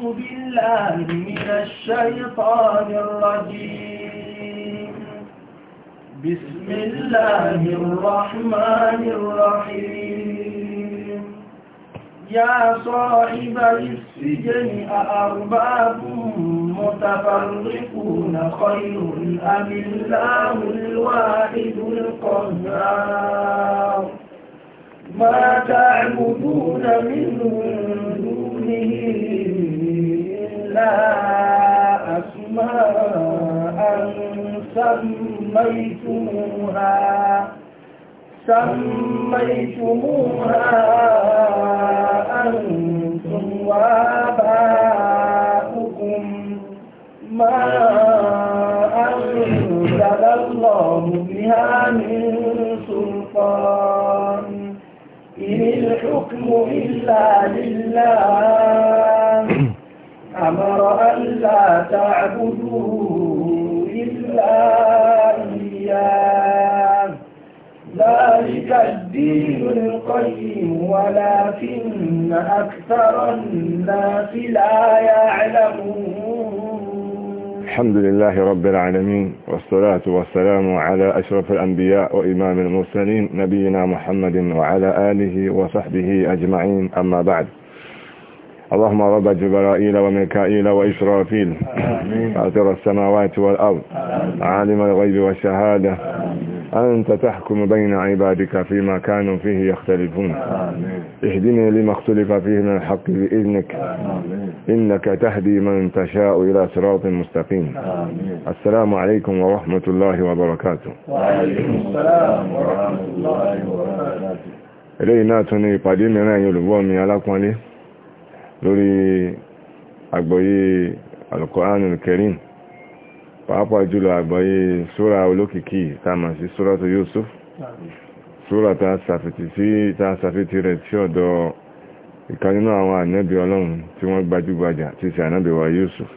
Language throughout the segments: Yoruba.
أعوذ بالله من الشيطان الرجيم بسم الله الرحمن الرحيم يا صاحب السجن أأرباب متفرقون خير أم الله الواحد القهار ما تعبدون منهم أسماء سميتموها سميتموها أنتم وآباؤكم ما أنزل الله بها من سلطان إن الحكم إلا لله أمر ألا تعبدوا إلا إياه ذلك الدين القيم ولكن أكثر الناس لا يعلمون الحمد لله رب العالمين والصلاة والسلام على أشرف الأنبياء وإمام المرسلين نبينا محمد وعلى آله وصحبه أجمعين أما بعد اللهم رب جبرائيل وميكائيل وإسرافيل فاطر السماوات والأرض عالم الغيب والشهادة أنت تحكم بين عبادك فيما كانوا فيه يختلفون آمين. اهدني لما اختلف فيه من الحق بإذنك إنك تهدي من تشاء إلى صراط مستقيم السلام عليكم ورحمة الله وبركاته وعليكم السلام ورحمة الله وبركاته إلينا تني قديمنا يلبوني من قوانين lórí àgbọ́yé Al-Qur'anul pàápàá jùlọ àgbọ́yé súra olókìkí tàmà sí súratu ta rẹ̀ tí ọ̀dọ̀ àwọn ọlọ́run tí wọ́n gbajúgbajà tí sí Yusuf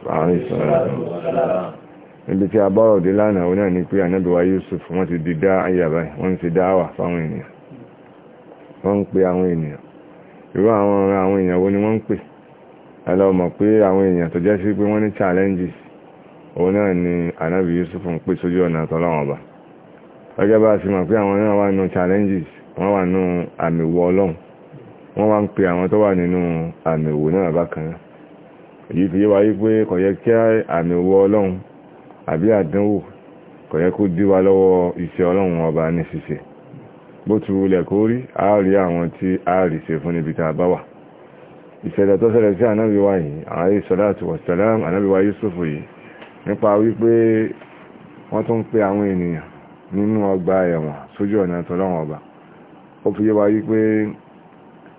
níbi tí a bọ́rọ̀ dé lánàá oní àní pé ànábì ti di dá ayàbá wọ́n ti dá àwà fáwọn ènìyàn wọ́n ń pe àwọn ènìyàn irú àwọn àwọn wo ni wọ́n ń ẹlọ́mọ̀ pé àwọn èèyàn tó jẹ́ sí pé wọ́n ní challenges òun náà ni anábì Yusuf ń pè sójú ọ̀nà àtọ́lọ́wọ̀n ọba ọjọ́ bá sí mọ̀ pé àwọn náà wà nínú challenges wọ́n wà nínú àmìwò ọlọ́run wọ́n wá ń pe àwọn tó wà nínú àmìwò náà bákan èyí fi yé wa yí pé kò yẹ kí àmìwò ọlọ́run àbí àdánwò kò yẹ kó dí wa lọ́wọ́ iṣẹ́ ọlọ́run ọba ní ṣíṣe bó tu wulẹ̀ kó a rí àwọn tí a rí ṣe fún níbi tá a bá wà ìṣẹ̀lẹ̀ tó ṣẹlẹ̀ sí ànábíwá yìí ààrẹ sọ́láàtù wọ̀sẹ̀lám ànábíwá Yusufu yìí nípa wípé wọ́n tún pé àwọn ènìyàn nínú ọgbà ẹ̀wọ̀n sójú ọ̀nà tọ́lọ́wọ̀n ọba ó fi yé wa wípé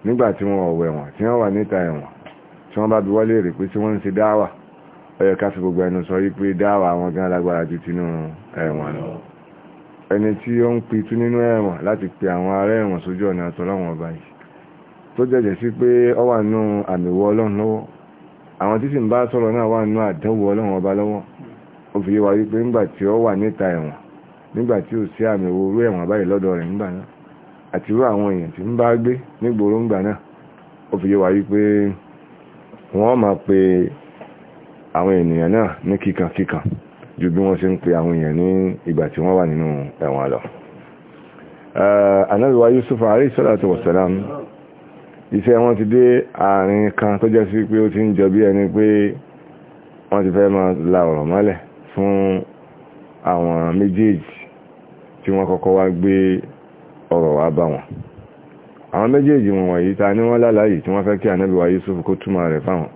nígbà tí wọ́n ọ̀wọ̀ ẹ̀wọ̀n tí wọ́n wà níta ẹ̀wọ̀n tí wọ́n bá bi wọ́lé rè pé tí wọ́n ń ṣe dáwà ó ká fi gbogbo ẹnu sọ wípé dáwà àwọn gan lágbára ju tinú ẹ̀wọ̀n lọ ẹni tí ó ń pitú nínú ẹ̀wọ̀n láti pe àwọn ará ẹ̀wọ̀n sójú ọ̀nà tọ́lọ́wọ̀n ọba yìí tó jẹ́jẹ̀ sí pé ọ wà nú àmìwọ ọlọ́run lọ́wọ́ àwọn tí sì ń bá sọ̀rọ̀ náà wà nú àdánwò ọlọ́run ọba lọ́wọ́ ó fi wá wípé ńgbà tí ó wà níta ẹ̀wọ̀n nígbà tí ò sí àmìwọ orú ẹ̀wọ̀n báyìí lọ́dọ̀ rẹ̀ ńgbà náà àti irú àwọn èèyàn tí ń bá gbé nígboro ńgbà náà ó fi wá wípé wọ́n máa pe àwọn ènìyàn náà ní kíkankíkan ju bí wọ́n ṣe ń pe àwọn èèyàn ní ìgbà tí wọ́n wà nínú ẹ̀wọ̀n lọ. Ànábì wa Yusuf alayhi salatu wa salam iṣẹ́ wọn ti dé àárín kan tó jẹ́ sí pé ó ti ń jọ bí ẹni pé wọ́n ti fẹ́ máa la ọ̀rọ̀ mọ́lẹ̀ fún àwọn méjèèjì tí wọ́n kọ́kọ́ wá gbé ọ̀rọ̀ wá bá wọn àwọn méjèèjì wọn wọ̀nyí ta ní wọ́n lálàyé tí wọ́n fẹ́ kí ànábìwá Yusuf kó túmọ̀ rẹ̀ fáwọn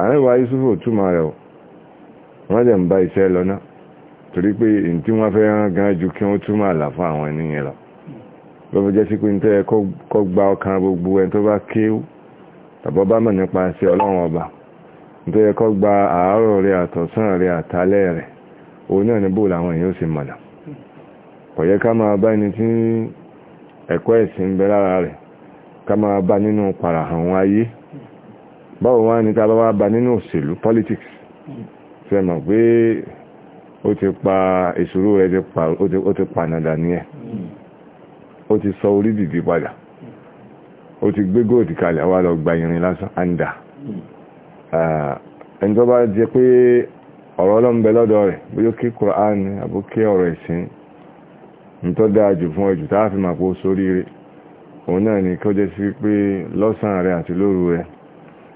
ànábìwá Yusuf ò túmọ̀ rẹ̀ o wọ́n dẹ̀ ń bá iṣẹ́ lọ náà torí pé ǹtí wọ́n fẹ́ rán gan ju kí wọ́n túmọ̀ àlà fún àwọn ènìyàn lọ lọ́bọ̀ jẹ́ sí pé ní tẹ́ kọ́ gba ọkàn gbogbo ẹni tó bá kéwú tàbọ́ bá mọ̀ nípa sí ọlọ́run ọba ní tó kọ́ gba àárọ̀ rẹ̀ àtọ̀sán rẹ̀ àtàlẹ́ rẹ̀ òun náà ní bóòlù àwọn èèyàn sì mọ̀nà kò yẹ ká máa bá ẹni tí ẹ̀kọ́ ẹ̀sìn bẹ lára rẹ̀ ká máa bá nínú ayé báwo wá ní tábá wá bá nínú òṣèlú politics mọ̀ pé ó ti sọ orí dìdì padà ó ti gbé góòdì kalẹ̀ wá lọ gba irin lásán àndà ẹni tó bá jẹ pé ọ̀rọ̀ ọlọ́mbẹ lọ́dọ̀ rẹ̀ bóyó kí Qur'an àbókẹ́ ọ̀rọ̀ ẹ̀sìn ní tó dáa jù fún ẹjù tá a fi màpò sórí rẹ̀ òun náà ni kó jẹ́ sí pé lọ́sàn rẹ̀ àti lóru rẹ̀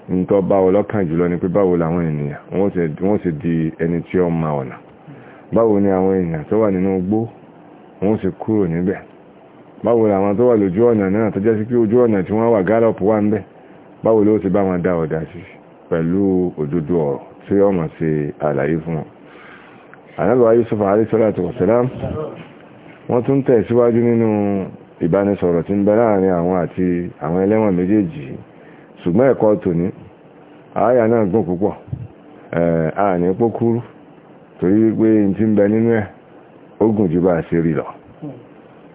ní tó bá ọlọ́kàn jùlọ ni pé báwo làwọn ènìyàn wọ́n sì di ẹni tí ó ma ọ̀nà báwo ni àwọn èèyàn tó wà nínú igbó wọ́n sì kúrò níbẹ̀ báwo làwọn tó wà lójú ọ̀nà náà tó jẹ́ sí pé ojú ọ̀nà tí wọ́n wà wà ń bẹ́ báwo ti bá wọn dá ọ̀dá sí pẹ̀lú òdodo ọ̀rọ̀ tí ó máa ṣe àlàyé fún wọn anábàá Yusuf alayhi salatu wa wọ́n tún tẹ̀síwájú nínú ìbánisọ̀rọ̀ tí ń bẹ láàrin àwọn àti àwọn ẹlẹ́wọ̀n méjèèjì ṣùgbọ́n ẹ̀kọ́ tòní àáyà náà gùn púpọ̀ pókúrú torí pé n ti ń bẹ nínú ẹ̀ ó gùn ju bá a lọ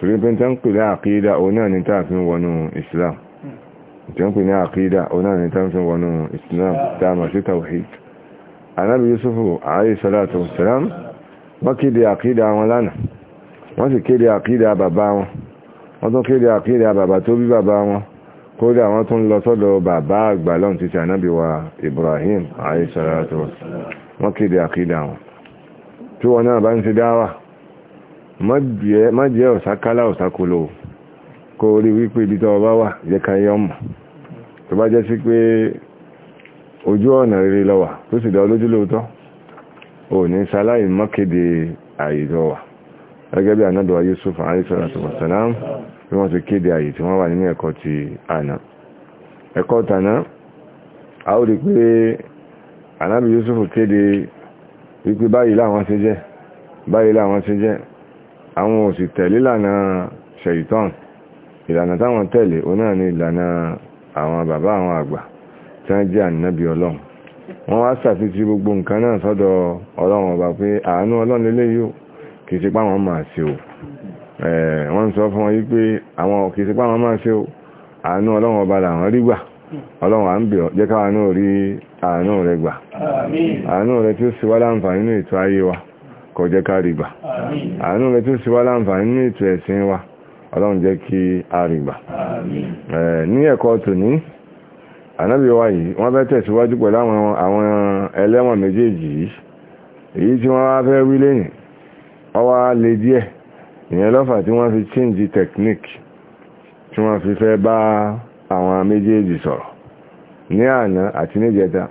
torí pé tán pè ní àkídà òun náà ni tàà fi wọnú islam hmm. tán pè ní àkídà òun náà ni tàà fi wọnú islam dáàmà sí tawhid anábi yusufu alayhi salatu wassalam wọ́n kéde àkídà wọn lánàá wọ́n sì kéde àkídà bàbá wọn wọ́n tún kéde àkídà bàbá tó bí bàbá wọn kódà wọ́n tún lọ sọ́dọ̀ bàbá àgbà lọ́n ti ṣe wa ibrahim alayhi salatu wassalam wọ́n kéde àkídà wọn tí wọn náà bá ń ṣe dáwà má jẹ́ ọ̀sákálá ọ̀sákòlò kó rí wípé ibi tó bá wà jẹ́ ká yọ mọ̀ tó bá jẹ́ sí pé ojú ọ̀nà rere ló wà tó sì dá lójú lóòótọ́ ò ní sáláì mọ́kéde àyèjọ wà gẹ́gẹ́ bí ànádọ́wà Yusuf alayhisalatu wasalam bí wọ́n ti kéde àyè tí wọ́n wà àwọn òsì tẹ̀lé lànà ṣẹ̀yìtàn ìlànà táwọn tẹ̀lé o náà ni ìlànà àwọn bàbá àwọn àgbà tí wọ́n jẹ́ ànábì ọlọ́run wọ́n wá gbogbo nǹkan náà sọ́dọ̀ ọlọ́run ọba pé àánú ọlọ́run lélẹ́yìí kìí wọn máa kó jẹ́ ká rí gbà àánú rẹ̀ tó sì wá láǹfààní ní ètò ẹ̀sìn wa ọlọ́run jẹ́ kí a rí gbà ní ẹ̀kọ́ tòní ànábì wa yìí wọ́n fẹ́ tẹ̀síwájú pẹ̀lú àwọn ẹlẹ́wọ̀n méjèèjì yìí èyí tí wọ́n fẹ́ wí lẹ́yìn ọwá lè díẹ̀ ìyẹn lọ́fà tí wọ́n fi change technique tí wọ́n fi fẹ́ bá àwọn méjèèjì sọ̀rọ̀ ní àná àti níjẹta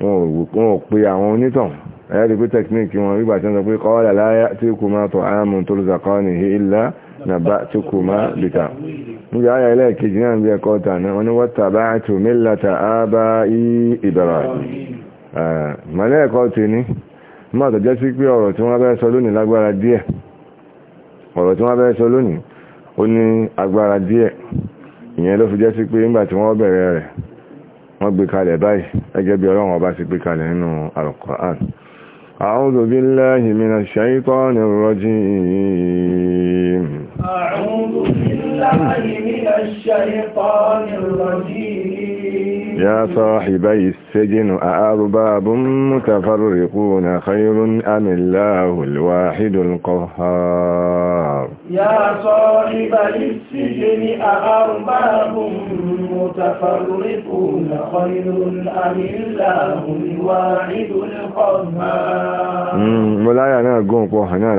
wọn ò pé àwọn onítọ̀hún ẹ̀rí pé technique wọn wígbà tí wọ́n sọ pé qala la ya'tikuma ta'amun turzaqanihi illa naba'tukuma bita níbi ayà ẹlẹ́ẹ̀kejì náà bí ẹ̀kọ́ na wọn ni wattaba'tu millata aba'i Ibrahim mọ̀lẹ́ ẹ̀kọ́ ti ní fi أعوذ بالله من الشيطان الرجيم أعوذ بالله من الشيطان الرجيم يا صاحبي السجن أأرباب متفرقون خير أم الله الواحد القهار يا صاحبي السجن أأرباب متفرقون خير أم الله الواحد القهار ملايا أنا أقوم بوحنا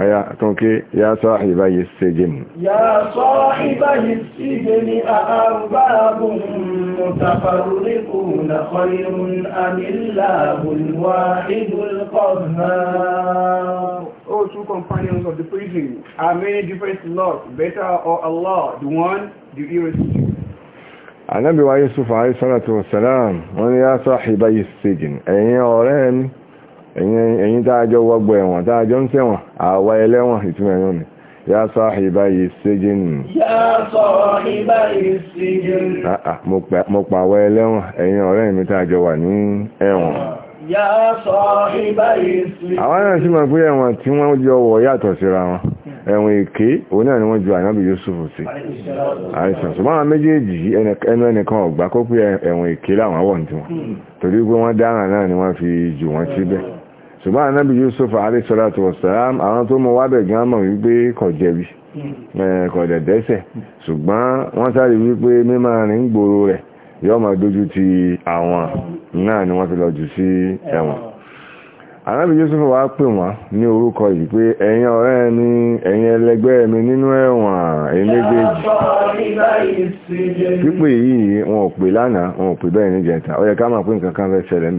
أيا تنكي يا صاحبي السجن يا صاحبي السجن أأرباب متفرقون المتفرقون خير أم الله الواحد القهار Oh, true companions of the prison, are many different laws better or Allah, the one, the irresistible? Ànábì wa Yusuf alayhi salatu wa salam, wọ́n ni ya sahiba as-sijn, ẹ̀yin ọ̀rẹ́ mi, ẹ̀yin tá a ẹ̀wọ̀n, tá ń ṣẹ̀wọ̀n, àwa ẹlẹ́wọ̀n ìtumọ̀ ẹ̀yọ́ mi. يا صاحبي السجن يا صاحبي السجن mo pa wá ẹlẹ́wọ̀n ẹ̀yin ọ̀rẹ́ mi tá a jọ wà ní ẹ̀wọ̀n يا صاحبي السجن àwọn náà sì mọ̀ pé ẹ̀wọ̀n tí wọ́n jọ wọ̀ yàtọ̀ síra wọn ẹ̀wọ̀n èké òun náà ni wọ́n ju ànábì Yusuf sí àìsàn ṣùgbọ́n àwọn méjèèjì ẹnu ẹnìkan ọ̀gbà kó pé ẹ̀wọ̀n èké láwọn wọ̀ ní tiwọn hmm. torí pé wọ́n dáràn náà ni wọ́n fi jù wọ́n síbẹ̀ ṣùgbọ́n anábì Yusuf alayhisalatu wasalam àwọn tó mọ wábẹ̀ gan mọ̀ wípé kò jẹ̀bi hmm. eh, ṣùgbọ́n wọ́n sáré wípé mímọ́ rìn gbòòrò rẹ̀ yóò ma dójú ti àwọn náà ni wọ́n fi lọ jù sí ẹ̀wọ̀n anábì Yusuf wá pè wọ́n ní orúkọ yìí pé ọ̀rẹ́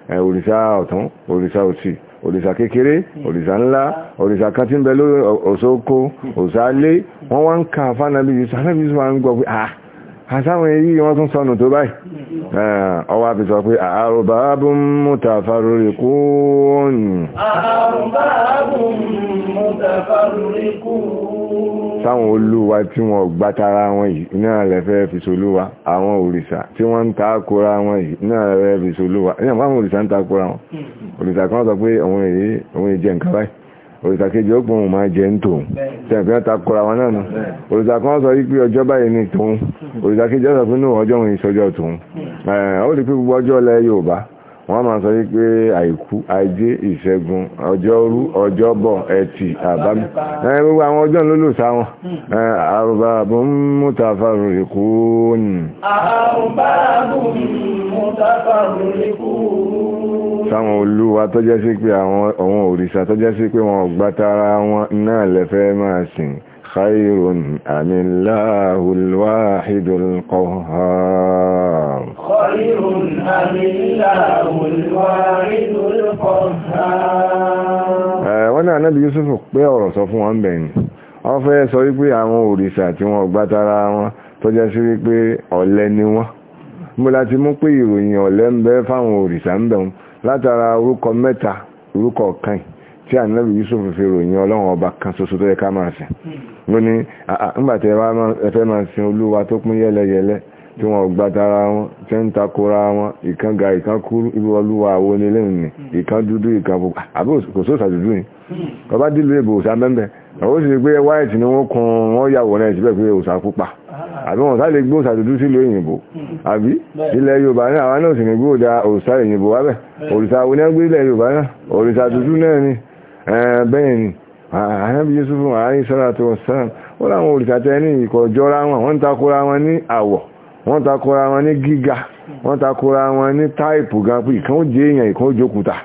òrìṣà ọ̀tún òrìṣà òsì òrìṣà kékeré òrìṣà ńlá òrìṣà katimbelo tí ń bẹ lórí òṣòkó òṣà lé wọ́n wá ń ka fánàbí yusuf fánàbí yusuf ń gbọ́ pé ah àtàwọn èyí wọ́n tún sọnù tó báyìí ọwọ́ àbí sọ pé arbabun mutafarriqun arbabun mutafarriqun sáwọn olúwa tí wọ́n gbátara wọn yìí náà lẹ́fẹ́ fi solúwa àwọn òrìṣà tí wọ́n ń takora wọn yìí náà lẹ́fẹ́ fi solúwa ní àwọn òrìṣà ń takora wọn òrìṣà kan sọ pé òun èyí òun èyí jẹ nǹkan báyìí òrìṣà kejì ó gbọ́n máa jẹ ń tòun tẹ̀pẹ́ ọ̀ta kọra wọn náà nù òrìṣà kan sọ wípé ọjọ́ báyìí ní tòun òrìṣà kejì ọ̀sọ̀ pé ní ọjọ́ òun ìṣọjọ́ tòun ó rí wọ́n máa sọ wípé àìkú ajé ìṣẹ́gun ọjọ́rú ọjọ́bọ̀ ẹtì àbámi gbogbo àwọn ọjọ́ ló lò sáwọn arbabun mutafarriqun arbabun mutafarriqun sáwọn olúwa tó sí pé àwọn òrìṣà tó sí pé wọn gbátara wọn náà lẹ́fẹ́ máa sìn خير أم الله الواحد القهار خير أم الله الواحد القهار wọ́n náà náà bí Yusuf pé ọ̀rọ̀ sọ fún wọn bẹ̀yìn wọ́n fẹ́ sọ wípé àwọn òrìṣà tí wọ́n gbátara wọn tó jẹ́ sí wípé ọ̀lẹ ni wọ́n mú láti mú pé ìròyìn ọ̀lẹ ń bẹ fáwọn òrìṣà ń bẹ̀un látara orúkọ mẹ́ta orúkọ kan tí ànábì Yusuf fi ròyìn ọlọ́run ọba kan ṣoṣo tó yẹ ká máa sìn lóní nígbàtí ẹfẹ́ máa sin olúwa tó pín yẹ́lẹ́yẹ́lẹ́ tí wọ́n gbátara wọn tí ń takora wọn ìkan ga ìkan kúrú ibi olúwa àwọn onílẹ́yìn ni ìkan dúdú ìkan pupa àbí kò sóòsà dúdú ni ọba dìlú èbò òsà mẹ́mbẹ́ ó sì gbé white ni wọ́n kun wọ́n yàwó náà síbẹ̀ pé òsà pupa àbí wọ́n sáré gbé òsà dúdú sílùú òyìnbó àbí ilẹ̀ yorùbá náà àwọn náà sì ní gbé òsà òyìnbó wábẹ̀ òrìṣà onígbé ilẹ̀ yorùbá náà òrìṣà dúdú náà ni bẹ́ẹ̀ ni ànábì Yúsúfù aláyhi sàlátù wassalam ó láwọn olùtàtẹ́ ní ìkọjọ́ra wọn wọ́n takora wọn ní àwọ̀ wọ́n takora wọn ní gíga wọ́n takora wọn ní táìpù gan pé ìkan ó jẹ́ èèyàn ìkan ó jókúta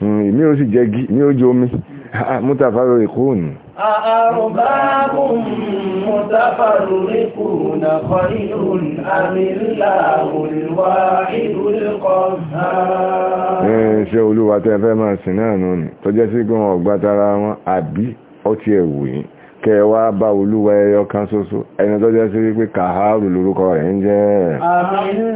mi hmm, ó sì jẹ́ gí mi ó jó mi mútàfàrò ìkóhùn أأرباب متفرقون خير أم الله الواحد القهار ṣe olúwa tó jẹ́ sí pé wọn gbá wọn àbí ọtí ẹ̀wù yìí kẹwa bá olúwa ẹyọ kan ẹni tó jẹ́ sí wípé lórúkọ rẹ̀ ń jẹ́ bí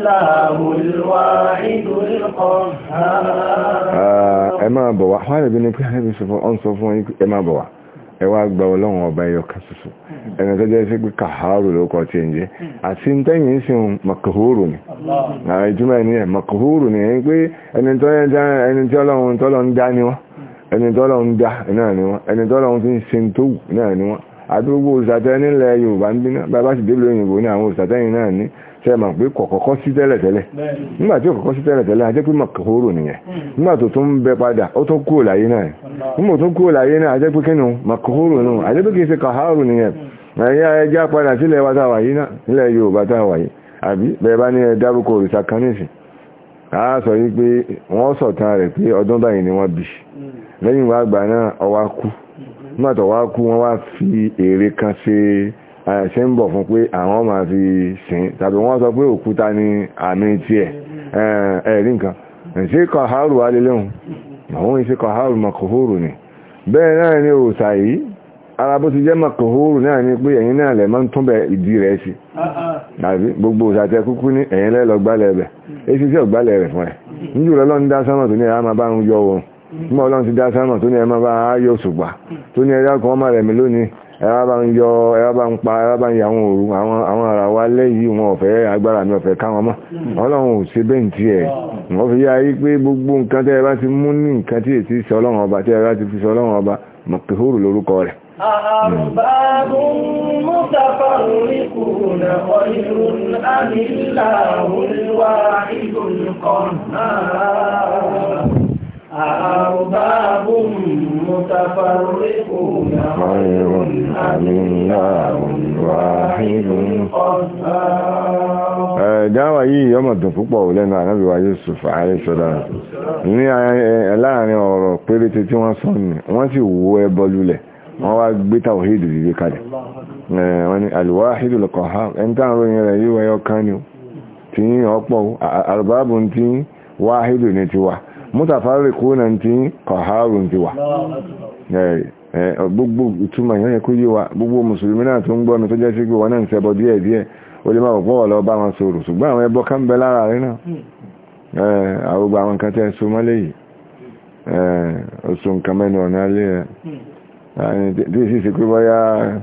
gba ọlọ́run ọba ẹyọ kan ẹni tó jẹ́ sí pé kàhárù lórúkọ tí ń jẹ́ àti tẹ́yìn sí makahóró ni ìtumọ̀ ẹni ẹ̀ makahóró ni ẹni pé ẹni tó yẹ ẹni tọ́lọ̀ ń dá náà ni wọ́n ẹni tọ́lọ̀ ń fi ń se tó wù náà ni wọ́n àdúgbò òsàtẹ́ nílẹ̀ yorùbá ń bí náà bàbá sì débìlì òyìnbó ní àwọn òsàtẹ́yìn náà ní ṣe mọ̀ pé kọ̀kọ̀kọ́ sí tẹ́lẹ̀ tẹ́lẹ̀ nígbà tí kọ̀kọ́ sí tẹ́lẹ̀ tẹ́lẹ̀ ajẹ́ pé mọ̀ kòrò nìyẹn hmm. nígbà tó tún bẹ padà ó tún kúrò láyé náà nígbà tó kúrò láyé náà ajẹ́ pé kínú mọ̀ kòrò nù ajẹ́ pé kìí ṣe kàhárù nìyẹn hmm. ẹ̀yà lẹ́yìn wá àgbà náà ọwá kú mọ́tọ̀ wá kú wọ́n wá fi èrè kan ṣe ṣe ń bọ̀ fún pé àwọn máa fi sìn tàbí wọ́n sọ pé òkúta ni àmì tiẹ̀ ẹ̀rí nǹkan ṣe kọ̀hárù alẹ́lẹ́hùn àwọn ìṣe kọ̀hárù makòhóró ni bẹ́ẹ̀ náà ni òòsà yìí ara bó ti jẹ́ makòhóró náà ni pé ẹ̀yin náà lẹ̀ máa ń túnbẹ̀ ìdí rẹ̀ sí tàbí gbogbo òòsà tẹ kúkú ní ẹ̀yin lẹ́lọ́gbálẹ̀ rẹ̀ fún ẹ̀ níjùlọ́lọ́ ń dá sánmà tó ní ẹ̀rá mọ́ ọlọ́run ti dá sámọ̀ tó ní ẹmọ́ bá yóò ṣùgbà tó ní ẹjá kan ọmọ rẹ̀ mi lónìí ẹ̀rá bá ń yọ ẹ̀rá bá ń pa ẹ̀rá bá ń yà àwọn òru àwọn ara wa lẹ́yìn wọn ọ̀fẹ́ agbára mi ọ̀fẹ́ káwọn mọ́ ọlọ́run ò ṣe bẹ́ẹ̀ tí ẹ̀ wọ́n fi yá yí pé gbogbo nǹkan tẹ́ ẹ bá ti mú ní nǹkan tí èsì sọ ọlọ́run ọba tí ẹ bá ti fi sọ ọlọ́run ọba mọ̀kìhóró lórúkọ rẹ̀. أأرباب متفرقون أأرباب متفرقون خير أم الله واحد Ẹ̀dáwà yìí yọmọ̀ dùn púpọ̀ lẹ́nu ànábì wa Yusuf Àìṣọ́lá. Ní láàrin ọ̀rọ̀ péréte tí wọ́n sọ ní, wọ́n sì wó ẹbọ wọ́n wá gbé kalẹ̀. Wọ́n ni mútàfàárì kó náà tí kọ̀hárùn ti wà eh, gbogbo ìtumọ̀ yẹn yẹ kó yé wa gbogbo mùsùlùmí náà tó ń gbọ́nu tó jẹ́ sí pé wọn náà ń ṣẹbọ díẹ̀ díẹ̀ ó lè má bọ̀ pọ̀ lọ bá wọn sọ̀rọ̀ ṣùgbọ́n àwọn ẹbọ kan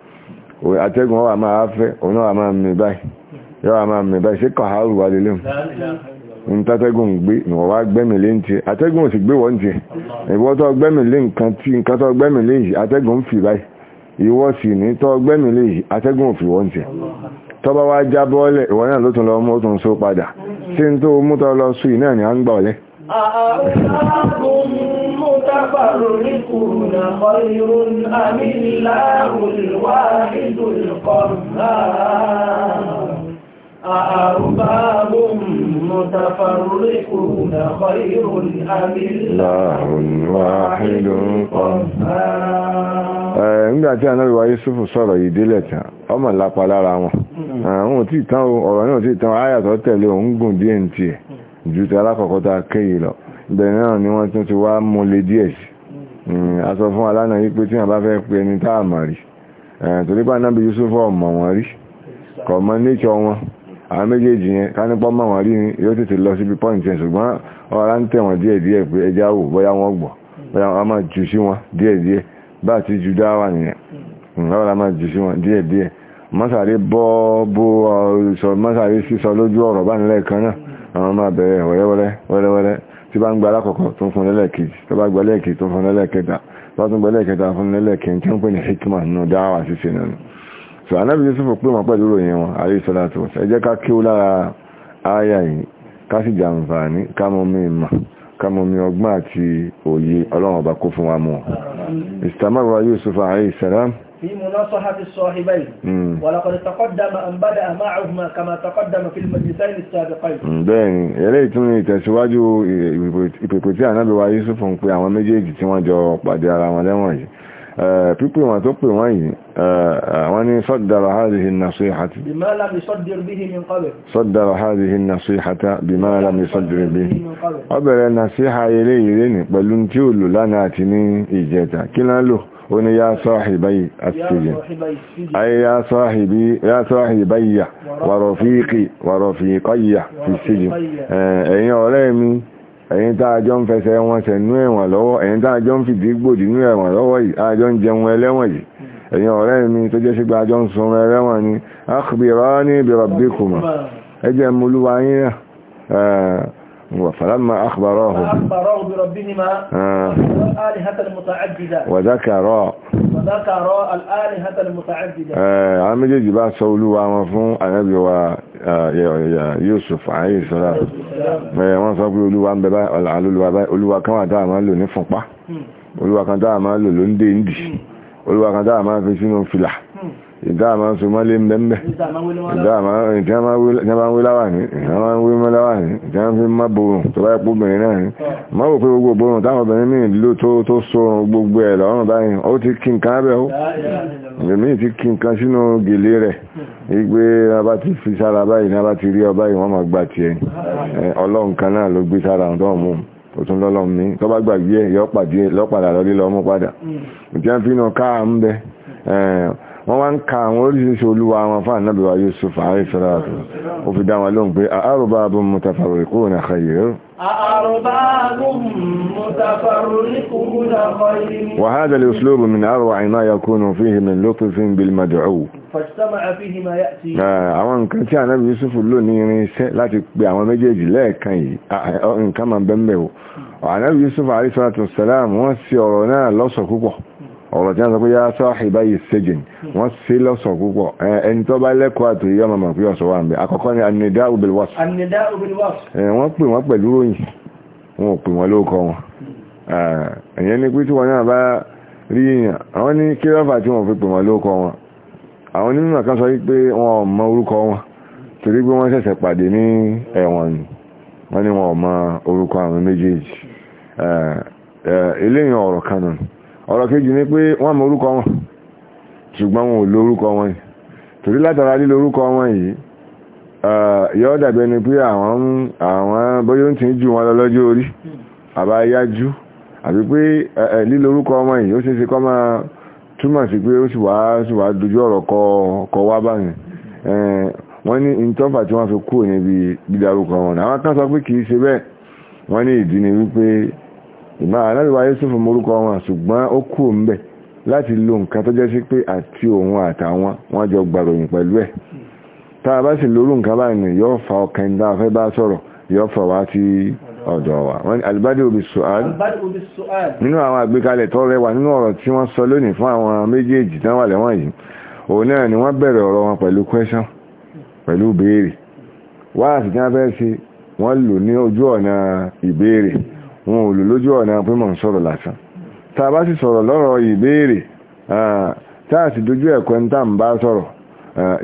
atẹ́gùn ọwà máa fẹ́ òun náà máa mẹ́ báyìí yọ́wà máa mẹ́ báyìí sí kọ̀háàrù wà lélẹ̀ ń tátẹ́gùn gbé ìwọ̀n wá gbẹ́mìlé ń ti atẹ́gùn sì gbé wọ́n ti ìwọ́ tó gbẹ́mìlé nǹkan tí nǹkan tó gbẹ́mìlé yìí atẹ́gùn fi báyìí ìwọ́ sì ní tó tọ́ lọ ni à أأرهاكم متفرقون خير أم الله الواحد القهار أأرباب متفرقون خير أم الله الواحد القهار nígbà tí ànábì wa Yúsúfù sọ̀rọ̀ yìí délẹ̀ tán ọmọ lápá lára wọn hmm. àwọn tí ìtàn ọ̀rọ̀ náà tí ìtàn ayàtọ̀ tẹ̀lé òun gùn díẹ̀ ní tiẹ̀ ju ti alákọ̀ọ́kọ́ ta a kéyìí lọ bẹ̀rẹ̀ náà ni wọ́n tún ti wá mú lé díẹ̀ sí hmm, a sọ fún alánà yí pé tí wọ́n bá fẹ́ pe ẹni tá a rí eh, torí náà bí Yusuf ọmọ wọn rí kọ̀ mọ́ níṣọ́ wọn àwọn méjèèjì yẹn ká mọ́ wọn rí ni yóò tètè lọ síbi pọ́ǹtì yẹn ṣùgbọ́n ọ̀rá ń tẹ̀ wọ́n díẹ̀ díẹ̀ pé ẹja wò bóyá wọ́n gbọ́ bóyá wọ́n máa jù sí wọn díẹ̀ díẹ̀ bá ti jù dá wà nìyẹn ọ̀rá hmm, máa jù sí wọn díẹ̀ díẹ̀ mọ́sàrí bọ́ bó sọ mọ́sàrí sísọ lójú ọ̀rọ̀ bá nílẹ̀ kan náà àwọn máa bẹ̀rẹ̀ wẹ́rẹ́wẹ́rẹ́ wẹ́rẹ́wẹ́rẹ́ tí bá ń gba alákọ̀ọ́kọ́ tó ń fún lẹ́lẹ́kejì tó bá gba lẹ́ẹ̀kejì tó ń fún lẹ́lẹ́kẹta tó tún gba lẹ́ẹ̀kẹta fún lẹ́lẹ́kejì tí ń pè ní hikima nù dáwà ṣíṣe nínú so anábì yusuf pé wọn pẹ̀lú ròyìn wọn àrí ìsọ́látò ẹ jẹ́ ká kí ó lára ááyà yìí ká sì jàǹfààní ká mọ mi mà ká mọ mi ọgbọ́n àti òye ọlọ́run ọba kó fún wa mọ́ ìsìtàmọ́rọ̀ yusuf àrí ìsọ́látò في مناصحة الصاحبين ولقد تقدم أن بدأ معهما كما تقدم في المجلسين السابقين bẹ́ẹ̀ni eléyìí tún ní ìtẹ̀síwájú ìpèpè tí ànábì wa Yusuf ń pe àwọn méjèèjì tí wọ́n jọ pàdé ara wọn lẹ́wọ̀n yìí eh, pípè wọn tó pè wọ́n yìí eh, wọ́n ní صدر هذه النصيحة بما لم يصدر به من قبل صدر هذه النصيحة بما لم يصدر به ọbẹ̀rẹ̀ nàṣíhà eléyìí lẹ́nì pẹ̀lú tí ó lò lánàá àti ní ìjẹta kí náà lò ó ní ya sahibai as-sijn ay ya sahibi ya sahibayya wa rafiqi wa rafiqayya fi as-sijn eh, ẹ̀yin ọ̀rẹ́ mi ẹ̀yin tá a jọ ń fẹsẹ̀ wọn sẹ̀nú ẹ̀wọ̀n lọ́wọ́ ẹ̀yin tá a jọ ń fìdí gbòdì nú ẹ̀wọ̀n lọ́wọ́ yìí a jọ ń jẹun ẹlẹ́wọ̀n yìí hmm. ẹ̀yin ọ̀rẹ́ mi tó jẹ́ sígbà jọ ń sun ẹlẹ́wọ̀n ni akhbirani bi rabbikuma ẹjẹ́ mú lúwa yín náà eh, فلما أخبراه أخبراه بربهما الآلهة المتعددة وذكر وذكر الآلهة المتعددة àwọn méjèèjì bá sọ olúwa wọn fún ànábì wa eh, Yusuf alayhi salam eh, wọ́n sọ pé olúwa ń bẹ báyìí olúwa kan wà dáa máa lò ní fúnpá hmm. olúwa kan dáa máa lò ló ń dé ìdì hmm. olúwa kan dáa máa fi sínú fìlà ìdá máa ń fi mọ́lé ń bẹ́m̀bẹ́ ìdá máa ń wí láwà ní ìdá máa ń wí mọ́ láwà ní ìdá ń fi mọ́ borùn tó bá ẹ̀pọ̀ obìnrin náà ní máa wò pé gbogbo borùn táwọn obìnrin míì ló tó sórun gbogbo ẹ̀ lọ́rùn báyìí ó ti kí nǹkan abẹ́ ó èmi ti kí nǹkan sínú gèlè rẹ̀ igbe hmm. abá ti fi sára báyìí ní abá ti rí ọ báyìí wọ́n máa gbà tiẹ̀ ọlọ́run kan náà ló gbé sára ọ̀dọ́ mú òtún lọ́lọ́ mi tó bá gbàgbé ẹ̀ yọ́ padà lọ́lé lọ́mú padà hmm. ìjẹun fi náà káà ń bẹ wọ́n wá ń ka àwọn oríṣiríṣi olúwa wọn fún ànábìwá Yusuf àríṣọ́láàtù ó fi dá wọn lóhùn pé a'arbabun mutafarriquna khayrun وهذا الأسلوب من أروع ما يكون فيه من لطف بالمدعو àwọn nǹkan tí ànábì Yusuf lò ní irinṣẹ́ láti pe àwọn méjèèjì lẹ́ẹ̀kan yìí ọ̀rọ̀ tí wọ́n sọ pé yá sọ́ọ̀hì báyìí ṣẹ́jìn wọ́n sí lọ́sọ̀ púpọ̀ ẹni tó bá lẹ́kọ̀ọ́ àti ìyá màmá pé ọ̀sọ̀ wà ń bẹ àkọ́kọ́ ni anidá obilwas wọ́n pè wọ́n pẹ̀lú ròyìn wọn ò pè wọ́n lóòkọ́ wọn ẹ̀yẹn ni pé tí wọ́n náà bá rí èèyàn àwọn ní kíráfà tí wọ́n fi pè wọ́n lóòkọ́ wọn àwọn onímọ̀ kan sọ pé wọn ò mọ orúkọ wọn torí pé wọ́n ṣẹ̀ṣẹ̀ pàdé ní ẹ̀wọ̀n ni wọ́n ní wọn ò mọ orúkọ àwọn méjèèjì eléyìn ọ̀rọ̀ kan náà ọ̀rọ̀ kejì ni pé wọ́n mọ orúkọ wọn ṣùgbọ́n wọn ò lo orúkọ wọn yìí torí látara lílo orúkọ wọn yìí eh, yọ́ dàbẹ́ ni pé àwọn bóyá ń tí ń jù wọn lọ lọ́jọ́ orí àbá yájú àbí pé eh, eh, lílo orúkọ wọn yìí ó ṣe ṣe kọ́ máa túmọ̀ sí pé ó sì wá sì wá dojú ọ̀rọ̀ kọ wá báyìí wọ́n ní ìtọ́fà tí wọ́n fi kúrò níbi dídarúkọ wọn àwọn kan sọ pé kì í ṣe bẹ́ẹ̀ wọ́n ní ìdí ni wípé ìmá anábíwá Yusuf morúkọ wọn ṣùgbọ́n ó kú ń bẹ̀ láti lo nǹkan tó jẹ́ sí pé àti òun àtàwọn wọ́n jọ gbàròyìn pẹ̀lú ẹ̀ tá a bá sì lórú nǹkan báyìí ni yóò fa ọkàn ìdá afẹ́ bá sọ̀rọ̀ yóò fa wá sí ọ̀dọ̀ wa wọ́n ni albadi obi su'ad nínú àwọn àgbékalẹ̀ tó rẹwà nínú ọ̀rọ̀ tí wọ́n sọ lónìí fún àwọn méjèèjì tán wà lẹ́wọ̀n yìí òun náà ni wọ́n bẹ̀rẹ̀ ọ̀rọ̀ wọn pẹ̀lú question pẹ̀lú béèrè wáàsì tí wọ́n fẹ́ ṣe wọ́n lò ní ojú ọ̀nà ìbéèrè wọn ò lò lójú ọ̀nà pé ń sọ̀rọ̀ lásán tá a bá sì sọ̀rọ̀ lọ́rọ̀ ìbéèrè tá a sì dojú ẹ̀kọ́ ń tà ń bá sọ̀rọ̀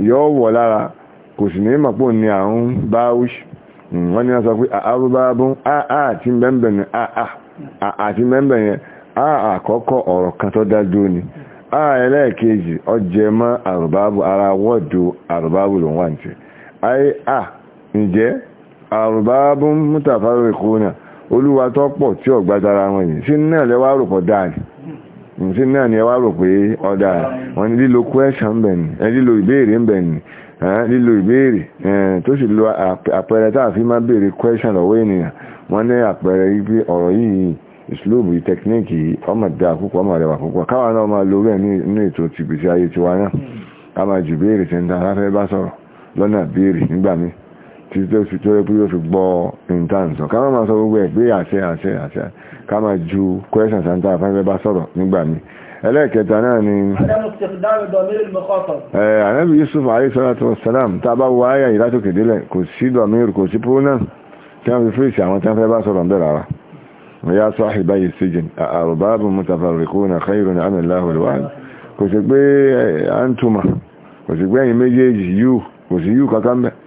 yóò wọ̀ lára kò sì ní mọ̀ pò ní àrùn wọ́n ní sọ pé àárúbábún ni àti mẹ́mbẹ̀ àkọ́kọ́ ọ̀rọ̀ kan tó dájú ni ẹlẹ́ẹ̀kejì ọjẹ́ mọ́ àrùbábù ara àrùbábù wà ní ti ayé à ǹjẹ́ olúwa tó pọ̀ tí ọ̀gbá tara wọn yìí sí náà lẹ́wà rò pọ̀ dáa sí hmm, náà ni ẹwà rò pé ọ̀dà wọn ni lílo ẹ lílo ìbéèrè tó sì lo àpẹẹrẹ tá a fi máa lọ́wọ́ ènìyàn wọ́n ní àpẹẹrẹ wípé ọ̀rọ̀ yìí ọmọ púpọ̀ ọmọ púpọ̀ káwa náà máa lo náà a máa jù béèrè tẹ́ńtà láfẹ́ bá sọ̀rọ̀ lọ́nà béèrè nígbà míì tí tó fi tó rẹ́pú yóò fi gbọ́ ìntànsọ ká máa sọ gbogbo ẹ̀ pé àṣẹ àṣẹ àṣẹ ká máa ju kwẹ́sàn sáńtà afẹ́fẹ́ bá sọ̀rọ̀ nígbà mi ẹlẹ́ẹ̀kẹta náà ni ànábì Yusuf alayhisalatu wasalam tá a bá wọ ayà yìí látòkè délẹ̀ kò sí dọ̀mír kò sí púrú náà tí wọ́n fi fíìsì àwọn tí wọ́n fẹ́ bá sọ̀rọ̀ ń bẹ̀rẹ̀ ara ya sahibayi sijin arbabun mutafarriquna khayrun am Allahu al-wahid kò sí pé àǹtùmá kò sí pé ẹ̀yin méjèèjì yú kò sí yú kankan bẹ́ẹ̀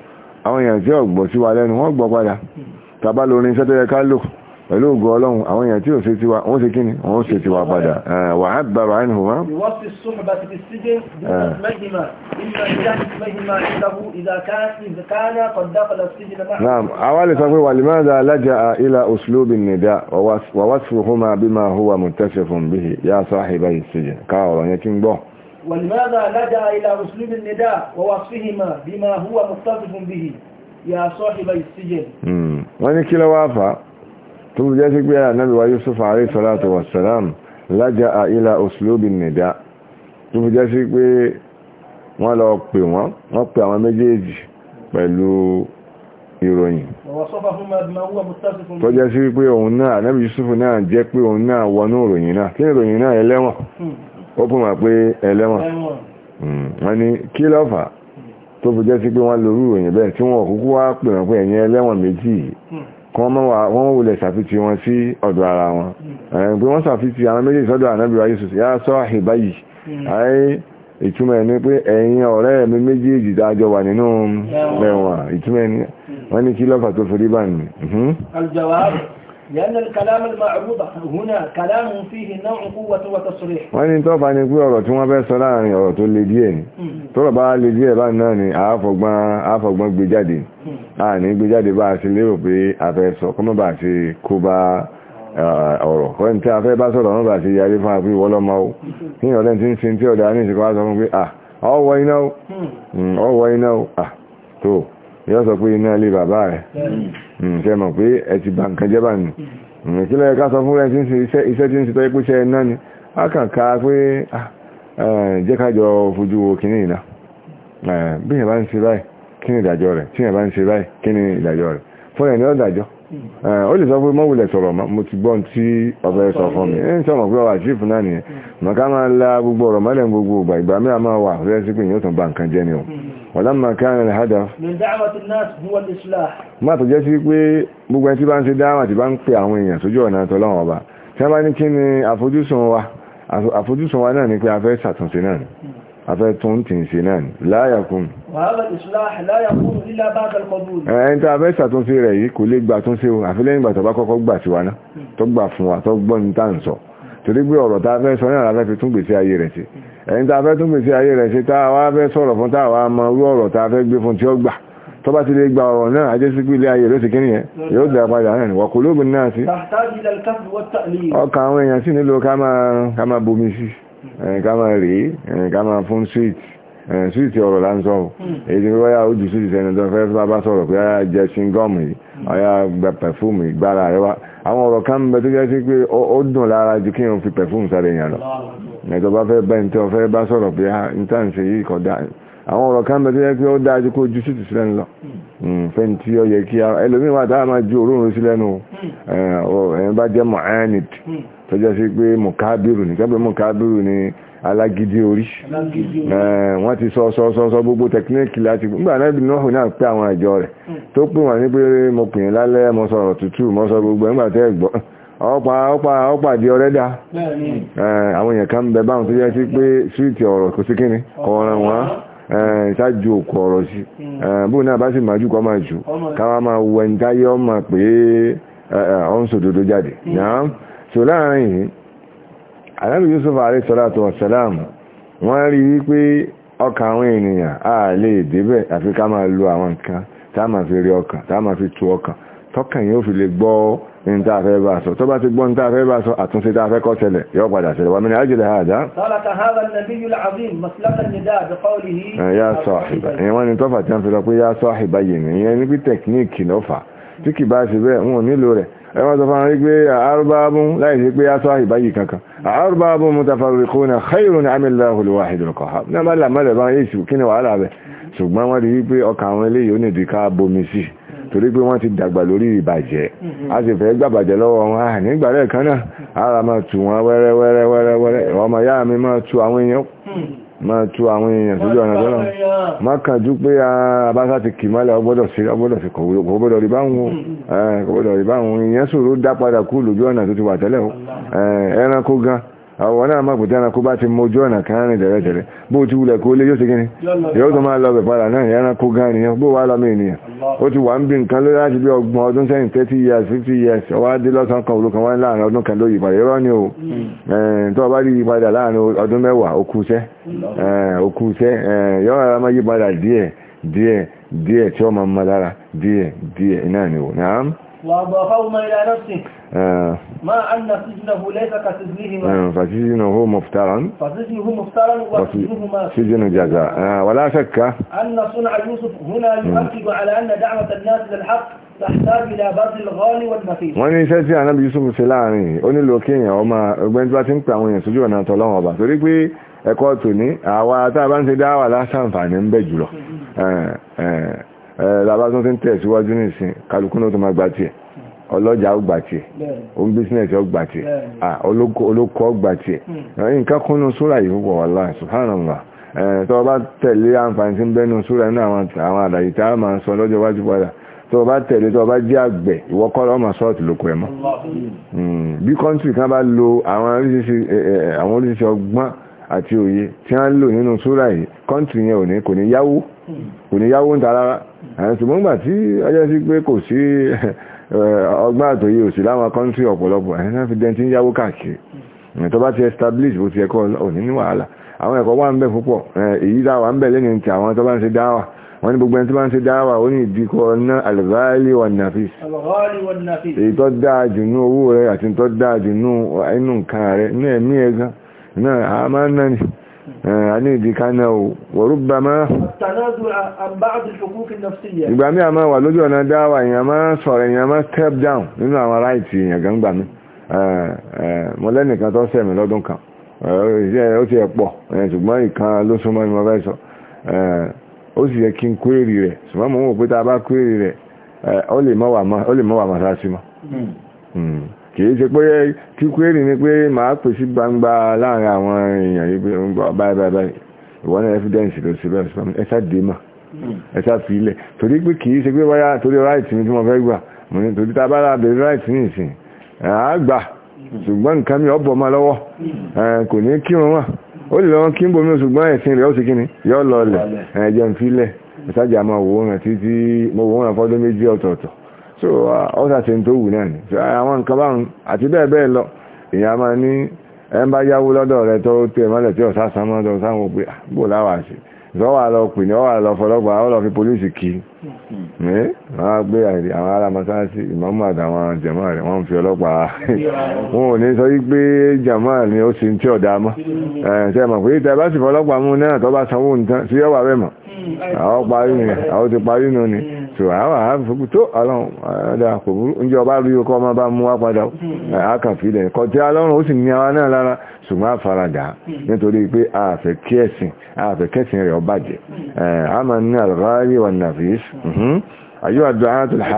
àwọn èèyàn tí ọ̀gbọ̀ sí wa lẹ́nu wọ́n gbọ́ padà tàbá lórí iṣẹ́ tó yẹ ká lò pẹ̀lú ògo ọlọ́run àwọn èèyàn tí ò ṣe tiwa wọ́n ṣe kí ni wọ́n ṣe tiwa padà wà á bàbá ẹni hùwá. àwa lè sọ pé wà lèmọ́dà alájà ilà òṣìlóbi nìdá wà wá sí fún ma bí ma hùwà mùtẹ́sẹ̀ fún bí yá sáà ìbáyìí sí káà ọ̀rọ̀ yẹn kí ń gbọ́. ولماذا لجأ إلى أسلوب النداء ووصفهما بما هو متصف به يا صاحب السجن hmm. wọ́n ní kí ló wá fà tó jẹ́ sí pé ànábì wa Yusuf alayhi salatu wassalam laja'a ila uslubi nida tó jẹ́ sí pé wọ́n lọ pè wọ́n wọ́n pè àwọn méjèèjì pẹ̀lú ìròyìn tó jẹ́ sí pé òun náà ànábì Yusuf náà jẹ́ pé òun náà wọnú ìròyìn náà kí ìròyìn náà ẹlẹ́wọ̀n hmm ó pè mà pé ẹlẹ́wọ̀n hmm. wọ́n ní kí lọ́fà tó fi jẹ́ sí pé wọ́n lórí ìròyìn bẹ́ẹ̀ tí wọ́n kúkú wá pè wọ́n pé ẹ̀yìn ẹlẹ́wọ̀n méjì hmm. wọ́n wulẹ̀ ṣàfitì wọn sí ọ̀dọ̀ ara wọn hmm. ẹ̀yìn pé wọ́n ṣàfitì àwọn méjì sọ́dọ̀ ànábì wa Yusuf yá sọ àhìbá yìí ayé ìtumọ̀ ẹni pé ẹ̀yin ọ̀rẹ́ mi méjèèjì dájọ́ wà nínú ẹ̀wọ̀n ìtumọ̀ ẹni wọ́n ní kí lọ́fà tó fi bá nì لأن الكلام المعروض هنا كلام فيه نوع قوة وتصريح wọ́n ní tó bá ní pé ọ̀rọ̀ tí wọ́n fẹ́ sọ láàrin ọ̀rọ̀ tó le díẹ̀ ni hmm. tọ́rọ̀ bá le díẹ̀ bá náà ni àáfọ̀gbọ́n àáfọ̀gbọ́n gbé jáde àní hmm. gbé jáde bá a ṣe lérò pé a fẹ́ sọ kọ́ mọ́ bá a ṣe kó bá ọ̀rọ̀ kọ́ni tí a fẹ́ bá sọ̀rọ̀ mọ́ bá a ṣe yarí fún àpé ìwọ́lọ́mọ́ ó ní tí ń sin tí ọ̀dà ní ìṣèkọ́ wá pé ah ọwọ́ iná ó hmm. ọwọ́ iná ó ah tó yóò sọ pé iná ilé bàbá rẹ̀ hmm. hmm, ṣe mọ̀ pé ẹ ti bà nǹkan bà hmm. kí ló ká sọ fún rẹ̀ iṣẹ́ tí ń ṣe ipò iṣẹ́ iná ni a kàn ká pé jọ fojú wo kíní ìná bí bá ń ṣe kí ni ìdájọ́ rẹ̀ tí bá ń ṣe kí ni ìdájọ́ rẹ̀ fún ẹ̀ ní ọ̀dàjọ́ ó lè sọ pé mọ́wulẹ̀ sọ̀rọ̀ mo ti gbọ́n tí ọ̀fẹ́ sọ fún mi ń sọ̀rọ̀ pé ọ̀rọ̀ àṣífù náà nìyẹn màkà máa la gbogbo ọ̀rọ̀ mọ́lẹ̀ gbogbo ìgbà ìgbà ولما كان الهدف من دعوة الناس هو الإصلاح ما تجسي pé gbogbo ẹni tí bá ń ṣe dáwà tí bá ń pè àwọn èèyàn sójú ọ̀nà tọ́lọ́wọ̀n ọba tí a bá ní kí ni àfojúsùn wa àfojúsùn wa náà ni pé a fẹ́ ṣàtúnṣe náà ni a fẹ́ tún tì ń ṣe náà ni لا يكون ẹni tí a fẹ́ ṣàtúnṣe rẹ̀ yìí kò lè gbà túnṣe o àfi lẹ́yìn ìgbà tó bá kọ́kọ́ gbà tiwa náà tó gbà fún wa tó gbọ́n ní tá à ń sọ torí pé ọ̀rọ̀ tá a fẹ́ sọ ní àlàfẹ́ fi tún gbèsè ayé rẹ̀ sí ẹni tá a fẹ́ tún gbèsè ayé rẹ̀ sí tá a wá fẹ́ sọ̀rọ̀ fún tá a wá mọ irú ọ̀rọ̀ tá a fẹ́ gbé fún tí ó gbà tó bá ti lè gba ọ̀rọ̀ náà ajé sí pílé ayé ló ti kí nìyẹn yóò dá padà náà wà kòlóògùn náà sí àwọn ọ̀rọ̀ kan bẹ tó jẹ́ sí pé ó dùn lára ju kí n fi pẹ̀fúm sára èèyàn lọ ẹ̀tọ́ bá fẹ́ bá ìtọ́ fẹ́ bá sọ̀rọ̀ pé ìtànṣe ah, yìí kọ̀ dáa àwọn ọ̀rọ̀ kan bẹ tó jẹ́ pé ó dáa ju kó ju sí tìsílẹ̀ ńlọ hmm, fẹ́ tí ó yẹ kí ẹlòmíín wà táwọn máa ju òórùn sí lẹ́nu ẹ̀yìn bá jẹ́ mọ̀ánìt hmm. tó jẹ́ sí pé mùkábírù ní kẹ́bẹ̀ alágídí orí eh, wọ́n ti sọ sọ sọ sọ gbogbo tẹkíníkì láti gbogbo anábì náà náà pé àwọn àjọ rẹ̀ hmm. tó pè wọ́n ní pé mo pè yín lálẹ́ mo sọ̀rọ̀ tútù sọ gbogbo ẹ̀ngbà tẹ́ ẹ̀gbọ́ ọ̀pá ọ̀pá ọ̀pá di ọ̀rẹ́ dá eh, àwọn èèyàn kan bẹ báwọn tó jẹ́ sí pé síìtì ọ̀rọ̀ kò sí kíni wọn eh, ṣáájú òkú ọ̀rọ̀ sí hmm. náà bá sì máa jù kọ́ máa jù anábì Yusuf alayhi salatu wọ́n rí wípé àwọn ènìyàn a lè débẹ̀ àfi ká máa lo àwọn nǹkan tá máa fi rí ọkàn tá máa fi tu ọkàn tọ́kàn yóò fi lè gbọ́ ní tá a fẹ́ bá sọ tó bá ti gbọ́ ní tá a fẹ́ bá sọ àtúnṣe tá a fẹ́ kọ́ tẹ̀lẹ̀ yóò padà tẹ̀lẹ̀ wàmí ni ajìlẹ̀ àdá yá lọ ẹwọ́n sọ fún wípé àárúbábún láì sí pé aṣọ àìbáyì kankan àárúbábún mutafarriquna khayrun amillahul wahidul qahhar náà bá làmọ́lẹ̀ bá yìí kí ni wàhálà rẹ̀ ṣùgbọ́n wọ́n rí wípé ọkà àwọn eléyìí ó ní ìdíká bomi sí torí pé wọ́n ti dàgbà máa tú àwọn èèyàn tó jọ ọ̀nà tó náà má kàn jú pé àbáṣá ah, ti kì mọ́lẹ̀ ọgbọ́dọ̀ sí ọgbọ́dọ̀ sí kọ̀gbọ́dọ̀ rí báwọn eh, kọ̀gbọ́dọ̀ rí báwọn ìyẹn sòrò dá padà kú lójú ọ̀nà tó ti wà tẹ́lẹ̀ eh, ẹranko gan àwọn náà má pùtẹ́ ẹranko bá ti mójú na kan rìn tẹ̀rẹ̀tẹ̀rẹ̀ bụ ti wulẹ̀ kó lé yóò ti gíní yóò tó máa lọ ya padà náà ẹranko gan nìyàn bó n lọ́mọ ènìyàn ó ti wà ń bí nǹkan lórí láti bí ọgbọ̀n ọdún 30 years 50 years ọwá dé lọ́sàn kan olùkan wá láàrin ọdún kan ló ni o hmm. diẹ ما أن سجنه ليس كسجنهما فسجنه مفترا فسجنه مفترا وسجنهما سجن جزاء ولا شك أن صنع يوسف هنا يؤكد على أن دعوة الناس للحق wọ́n ní iṣẹ́ tí ànábì Yusuf ṣe láàrin ó nílò kéèyàn ọmọ ọgbẹ́ni tí wá ti ń pè àwọn èèyàn sójú ọ̀nà tọ́lọ́wọ̀n ọba torí pé ẹ̀kọ́ tòní àwa tá a bá ń ṣe dáwà lásàǹfààní ń bẹ jùlọ mm-hmm. làbá tó ti ń tẹ̀síwájú nìsín kálukú ọlọ́jà ọgbà tiẹ̀ o bísínẹ̀sì ọgbà tiẹ̀ olóko ọgbà tiẹ̀ hmm. nǹkan kúnnú súrà yìí púpọ̀ wallahi subhanallah tó bá tẹ̀lé àǹfààní tí ń bẹ́nu súrà nínú àwọn àdàyí tá a máa sọ lọ́jọ́ wájú padà tó bá tẹ̀lé tó bá jẹ́ àgbẹ̀ ìwọ kọ́ lọ́mọ sọ́ọ̀tì lóko ẹ̀mọ́ hmm. bí kọ́ńtì kan bá lo àwọn oríṣiríṣi ọgbọ́n àti òye tí wọ́n lò nínú súrà yìí kọ́ńtì yẹn ò ní kò ní yáwó hmm. kò ní yáwó ń ta rárá ṣùgbọ́n gbà tí ọjọ́ sí pé kò sí Eh, ọgbọ́n àtòyí òsì láwọn kọ́ntì ọ̀pọ̀lọpọ̀ ẹni náà fi dẹ́n tí ń yáwó káàkiri tó bá ti establish bó ti ẹ̀kọ́ òní ní wàhálà àwọn ẹ̀kọ́ wà ń bẹ púpọ̀ èyí dáwà ń bẹ lẹ́yìn tí àwọn tó bá ń ṣe dáwà wọ́n ní gbogbo ẹni tó bá ń ṣe dáwà ó ní ìdíkọ̀ ná alghali wan nafis èyí tó dáa jù nú owó rẹ àti tó dáa jù nú inú nǹkan rẹ ní ẹ̀mí ẹ̀gán náà àmà náà àníìdí eh, káná o wọ̀rúgbàmá ìgbà mí a máa wà lójú ọ̀nà dáwà èèyàn máa sọ̀rọ̀ èèyàn máa step down nínú àwọn ráìtì èèyàn gangbà mí eh, eh, mọ́ lẹ́nìkan tó sẹ̀mí lọ́dún kan ó ti ẹ̀pọ̀ ṣùgbọ́n ìkan ló súnmọ́ ni mo fẹ́ sọ ó sì yẹ kí n kúrèrè rẹ̀ ṣùgbọ́n mo mọ̀ pé tá a bá kúrèrè rẹ̀ ó le ma wa mọ́ sáà sí mọ́ kìí ṣe pé kíkwérì ni pé máa pè sí gbangba láàrin àwọn èèyàn yìí pé ń bọ̀ báyìí báyìí báyìí ìwọ́n náà evidence ló sí bẹ́ẹ̀ sọ́mọ́ ẹ̀sà dèmà ẹ̀sà fìlẹ̀ torí pé kìí ṣe pé wáyà torí right mi tí mo fẹ́ gbà mo ní torí tá a bá rà bẹ̀rẹ̀ right ní ìsìn àgbà ṣùgbọ́n nǹkan mi ọ̀bọ̀ máa lọ́wọ́ kò ní kí wọn wà ó lè lọ́wọ́ kí n bomi ṣùgbọ́n ẹ̀sìn rẹ̀ ó sì kíni yọ́ lọ lẹ̀ ẹ̀jẹ̀ ń filẹ̀ ẹ̀sà jà máa wò ó títí mo wò ó rẹ̀ fọ́dún méjì ọ̀tọ̀ọ̀tọ̀ so ọ́sàṣe uh, tó wù náà ni àwọn nǹkan báhùn àti bẹ́ẹ̀ bẹ́ẹ̀ lọ èyàn máa ní ẹ̀ ń bá yáwó lọ́dọ̀ rẹ̀ tó tẹ̀ mọ́lẹ̀ tí ọ̀sá san mọ́dọ̀ sáwọn òpè ah, bò láwà sí lọ́wà lọ pè ní ọwà lọ fọlọ́gbà ọlọ́ fi polisi kí ní wọ́n gbé àwọn ará masáàsì ìmọ̀mọ́ àtàwọn jàmá rẹ̀ wọ́n fi ọlọ́pàá wọn ò ní sọ wípé jàmá ni ó sì ń tí ọ̀dà mọ́ ṣe mọ̀ pé ìta bá sì fọlọ́pàá mú náà tó bá sanwó nǹkan sí ọwà bẹ́ẹ̀ mọ̀ hmm. àwọn ti parí nù ni so àwọn àfẹ́kù tó ọlọ́run ọ̀dà kò burú oúnjẹ ọba rí ọkọ̀ ọmọ bá mú wá padà àkàfilẹ̀ hmm. kọjá ọlọ́run ó sì ní àwa náà lára ṣùgbọ́n àfaradà hmm. nítorí pé àfẹ́ kẹ́sìn àfẹ́ kẹ́sìn rẹ̀ ọba jẹ́ hmm. àmà ní àlùkárí wà nàfíìs ayọ́ àdúrà àtúlẹ̀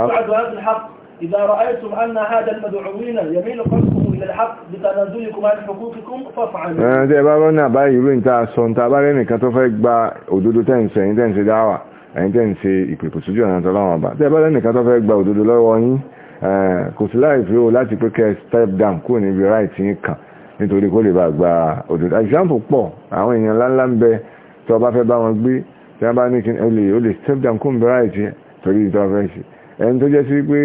إذا رأيتم أن هذا المدعوين يميل قلبكم إلى الحق بتنازلكم عن حقوقكم فافعلوا. ẹ bá wọn náà báyìí ìlú ẹ̀yin tẹ́ ń ṣe ìpèpè sójú ọ̀nà tọ́lọ́wọ́n ọba tẹ́ bá lẹ́nìkan tó fẹ́ gba òdodo lọ́wọ́ yín eh, kò sí láì fi ó láti pé kẹ́ step down kúrò níbi right yín kàn nítorí kó lè bá gba òdodo example pọ̀ àwọn èèyàn ńláńlá ń bẹ tó bá fẹ́ bá wọn gbé tí wọ́n bá ní kí ó lè step down kúrò níbi right yẹn torí ìtọ́ fẹ́ ṣe ẹni tó jẹ́ sí pé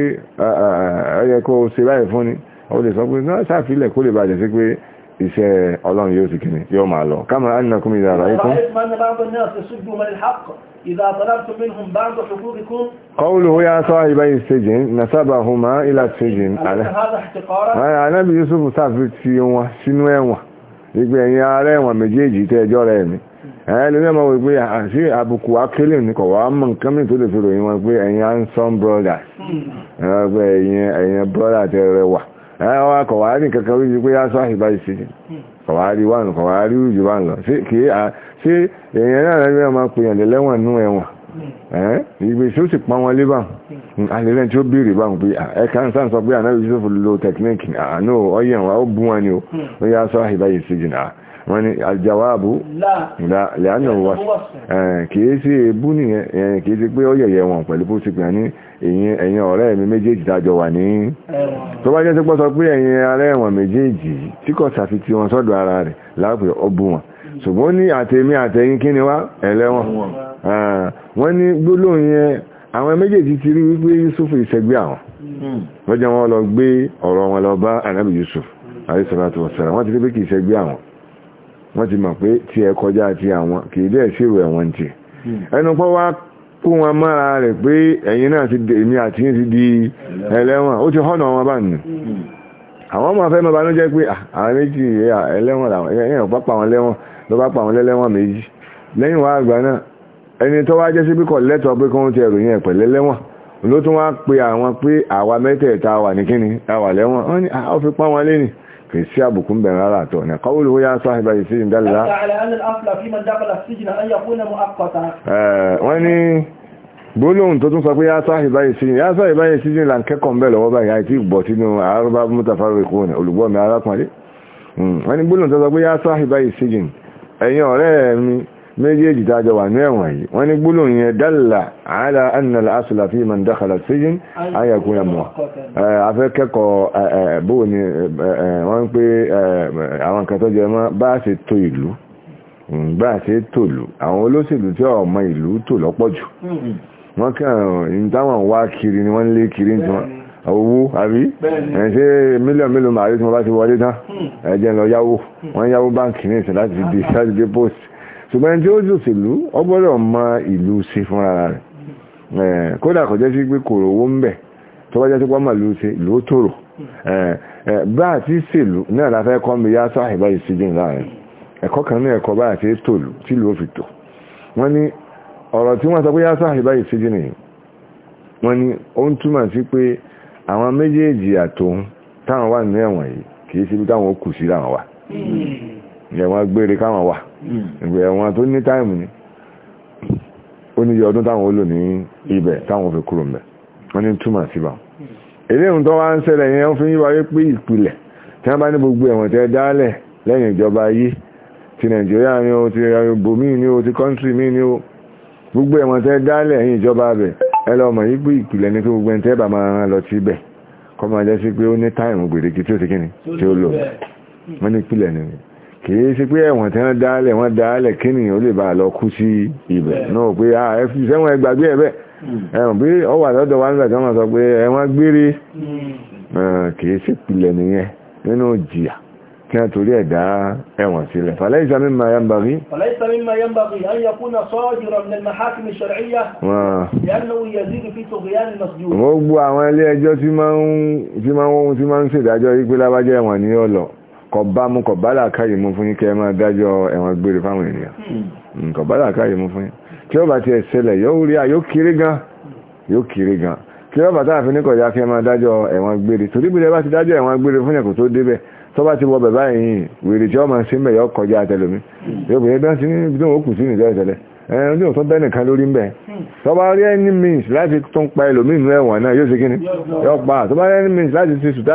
eh, eh, ó yẹ kó ṣe báyìí fún ni ó lè sọ pé náà sáfilẹ̀ kó lè bàjẹ́ sí pé iṣẹ́ ọlọ́run yóò sì kìnnì yóò máa lọ kama annakum idha ra'aytum qawluhu ya sahibai as-sijn nasabahuma ila as-sijn anábi yusuf sáfi ti wọn sínú ẹ̀wọ̀n ìgbẹ̀ ẹ̀yìn ara ẹ̀wọ̀n méjèèjì tẹ́ ẹjọ́ rẹ̀ mi ẹ̀ẹ́lẹ́ mẹ́mọ̀ wípé àṣí ah, àbùkù akílẹ̀ ní kọ̀wàá mọ̀ nǹkan mìí tó lè fi ròyìn wọn pé ẹ̀yìn handsome brothers hmm. ẹ̀yìn brother tẹ́ rẹwà ẹwà kọ̀wàárí kankan rí ju pé á sọ àhìbá ìṣe kọ̀wàárí wà nù jù bá lọ ṣé èèyàn náà rẹ̀ máa pèèyàn lẹ́wọ̀n nú ẹ̀wọ̀n ìgbè tí ó sì pa wọn lébà hmm, alẹ́lẹ́ tí ó béèrè bá ń pé ẹ̀ka ń sáǹsọ pé lo technique àánú ọyẹ̀ wọn ó bú wọn ni hmm. ó yá sọ àhìbá ìṣe jìnnà wọ́n ni wọ́n sí ebú nìyẹn sí pé ó yẹ̀yẹ̀ wọn pẹ̀lú ẹ̀yin ẹ̀yin ọ̀rẹ́ mi méjèèjì dájọ wà ní tó bá jẹ́ sí pọ́sọ pé ẹ̀yin ará ẹ̀wọ̀n méjèèjì tí kò sàfi ti wọn sọ́dọ̀ ara rẹ̀ láàpẹ̀ ọbú wọn ṣùgbọ́n ní àtẹ̀mí àtẹ̀yìn kí ni wá ẹlẹ́wọ̀n wọ́n ní gbólóhùn yẹn àwọn méjèèjì ti rí wípé Yusuf ìṣẹ́gbẹ́ àwọn lọ́jọ́ hmm. wọn lọ gbé ọ̀rọ̀ wọn lọ bá Ànábì Yusuf àrísọ̀rọ̀ wọ̀sẹ̀rẹ̀ wọ́n ti rí pé kì í ṣẹ́gbẹ́ àwọn wọ́n ti mọ̀ pé tí ẹ kó wọn mára rẹ̀ pé ẹ̀yin náà ti èmi àti yín ti di ẹlẹ́wọ̀n ó ti họ́nà wọn bá nù àwọn ọmọ afẹ́ mọba ló jẹ́ pé ah, àwọn méjì eh, ah, ẹlẹ́wọ̀n làwọn eh, ẹ̀yìn ọ̀pá pa wọn lẹ́wọ̀n ló bá pa wọn lẹ́lẹ́wọ̀n méjì lẹ́yìn wá àgbà náà ẹni tó wá jẹ́ sí píkọ̀ lẹ́tọ̀ọ́ pé kóhun ti ẹ̀rù yẹn pẹ̀lẹ́ lẹ́wọ̀n ló tún wá pe àwọn pé àwa mẹ́tẹ̀ẹ̀ta wà ní kíni àwà lẹ́wọ̀n ah, ó fi pọ́n wọn lé ni kì í sí àbùkù ń bẹ̀rẹ̀ rárá àtọ̀ ní kọ́wùlù ó yá sáàbà yìí sí ìdálẹ́lá wọ́n ní gbólóhùn tó tún sọ pé yá sáàbà yìí sí yá sáàbà yìí sí ìlànà kẹ́kọ̀ọ́ ń bẹ̀ lọ́wọ́ báyìí ìgbọ̀ sínú àárọ́bá mutafarriqun olùgbọ́ mi arákùnrin hmm, wọ́n ní gbólóhùn tó sọ pé yá sáàbà yìí sí ẹ̀yin ọ̀rẹ́ méjèèjì dájọ wà ní ẹ̀wọ̀n yìí wọ́n ní gbólóhùn yẹn dálà àádá annal asìlá fi man dákàlà síyín ayẹkùn ẹ̀mọ̀ afẹ́ kẹ́kọ̀ọ́ bóò ni wọ́n pé àwọn kan tó jẹ mọ́ bá ṣe tó ìlú bá ṣe tó ìlú àwọn olóṣèlú tí ọmọ ìlú tó lọ́pọ̀ jù wọ́n kàn táwọn wá kiri ni wọ́n lé kiri ní wọn owó àbí ẹ̀ṣẹ́ mílíọ̀n mílíọ̀n màrí tí wọ́n bá ti wọlé tán hmm. ẹ̀jẹ̀ lọ yáwó wọ́n yáwó báńkì ní ìsìn láti dé post ṣùgbọ́n tí ó jòsèlú ọ gbọ́dọ̀ mọ ìlú ṣe fúnra rẹ̀ kódà kò jẹ́ sí pé kòrò owó ń bẹ̀ tó bá jẹ́ sí pọ́nmà ló ṣe ìlú tòrò bá àti kọ náà la kọ́ mi yá sọ àìbá ìṣíjìn láàrin ẹ̀kọ́ kan ní ẹ̀kọ́ bá àti tòlù tí ló fi tò wọ́n ní ọ̀rọ̀ tí wọ́n sọ pé yá sọ àìbá nìyí wọ́n ó ń túmọ̀ sí pé àwọn méjèèjì àtòun táwọn wà ní ẹ̀wọ̀n yìí kì í síbi táwọn ó kù sí láwọn wà ẹ̀wọ̀n gbére káwọn wà ìgbẹ̀ ẹ̀wọ̀n tó ní táìmù ni ó níye ọdún táwọn ó lò ní ibẹ̀ táwọn fi kúrò mẹ́ wọ́n ní túmọ̀ síbà eléhùn tó wá ń ṣẹlẹ̀ yẹn ó fi ń wáyé pé ìpìlẹ̀ tí wọ́n bá ní gbogbo ẹ̀wọ̀n tẹ́ dálẹ̀ lẹ́yìn ìjọba yìí ti nàìjíríà ni o ti ibòmíì ni o ti kọ́ńtírì míì ni o gbogbo ẹ̀wọ̀n tẹ́ dálẹ̀ ẹ̀yìn ìjọba bẹ̀ ẹ lọ mọ̀ yìí pé ìpìlẹ̀ ni pé gbogbo ẹ̀ntẹ́ bá máa lọ sí kọ́ máa jẹ́ sí pé ó ní táìmù gbèdéke tí ó ti kíni tí ó lò wọ́n ní ìpìlẹ̀ nìyẹn kìí ṣe pé ẹ̀wọ̀n tí wọ́n dálẹ̀ wọ́n dálẹ̀ kí ni ó lè bá lọ kú sí ibẹ̀ náà pé ẹ̀fìsẹ́wọ̀n ẹgbàgbé ẹ̀bẹ̀ hmm. ẹ̀wọ̀n pé ọ wà lọ́dọ̀ wá nígbà tí wọ́n sọ pé ẹ̀wọ̀n gbére hmm. kìí ṣe pìlẹ̀ nìyẹn nínú jìyà kí wọ́n torí ẹ̀dá ẹ̀wọ̀n sílẹ̀ fàlẹ́ ìsàmì máa yá ń bàbí. fàlẹ́ ìsàmì máa yá ń bàbí an yakuna sadiran min al-mahakim al-shar'iyya li'annahu yazidu fi tughyan kọba mú kọba làkáyè mú fún yín kẹ máa dájọ́ ẹ̀wọ̀n gbére fáwọn ènìyàn hmm. hmm, kọba làkáyè mú fún yín tí ó bá ti ẹ̀sẹ̀lẹ̀ yóò rí àyó kéré gan yóò kéré gan tí ó bá tá àfin níkọ̀ọ́yà kẹ máa dájọ́ ẹ̀wọ̀n gbére torí bí ẹ bá ti dájọ́ ẹ̀wọ̀n gbére fún yẹn kò tó débẹ̀ tó bá ti wọ bẹ̀ báyìí wèrè tí ó máa ṣe mẹ̀ yọ kọjá àtẹlómi hmm. yóò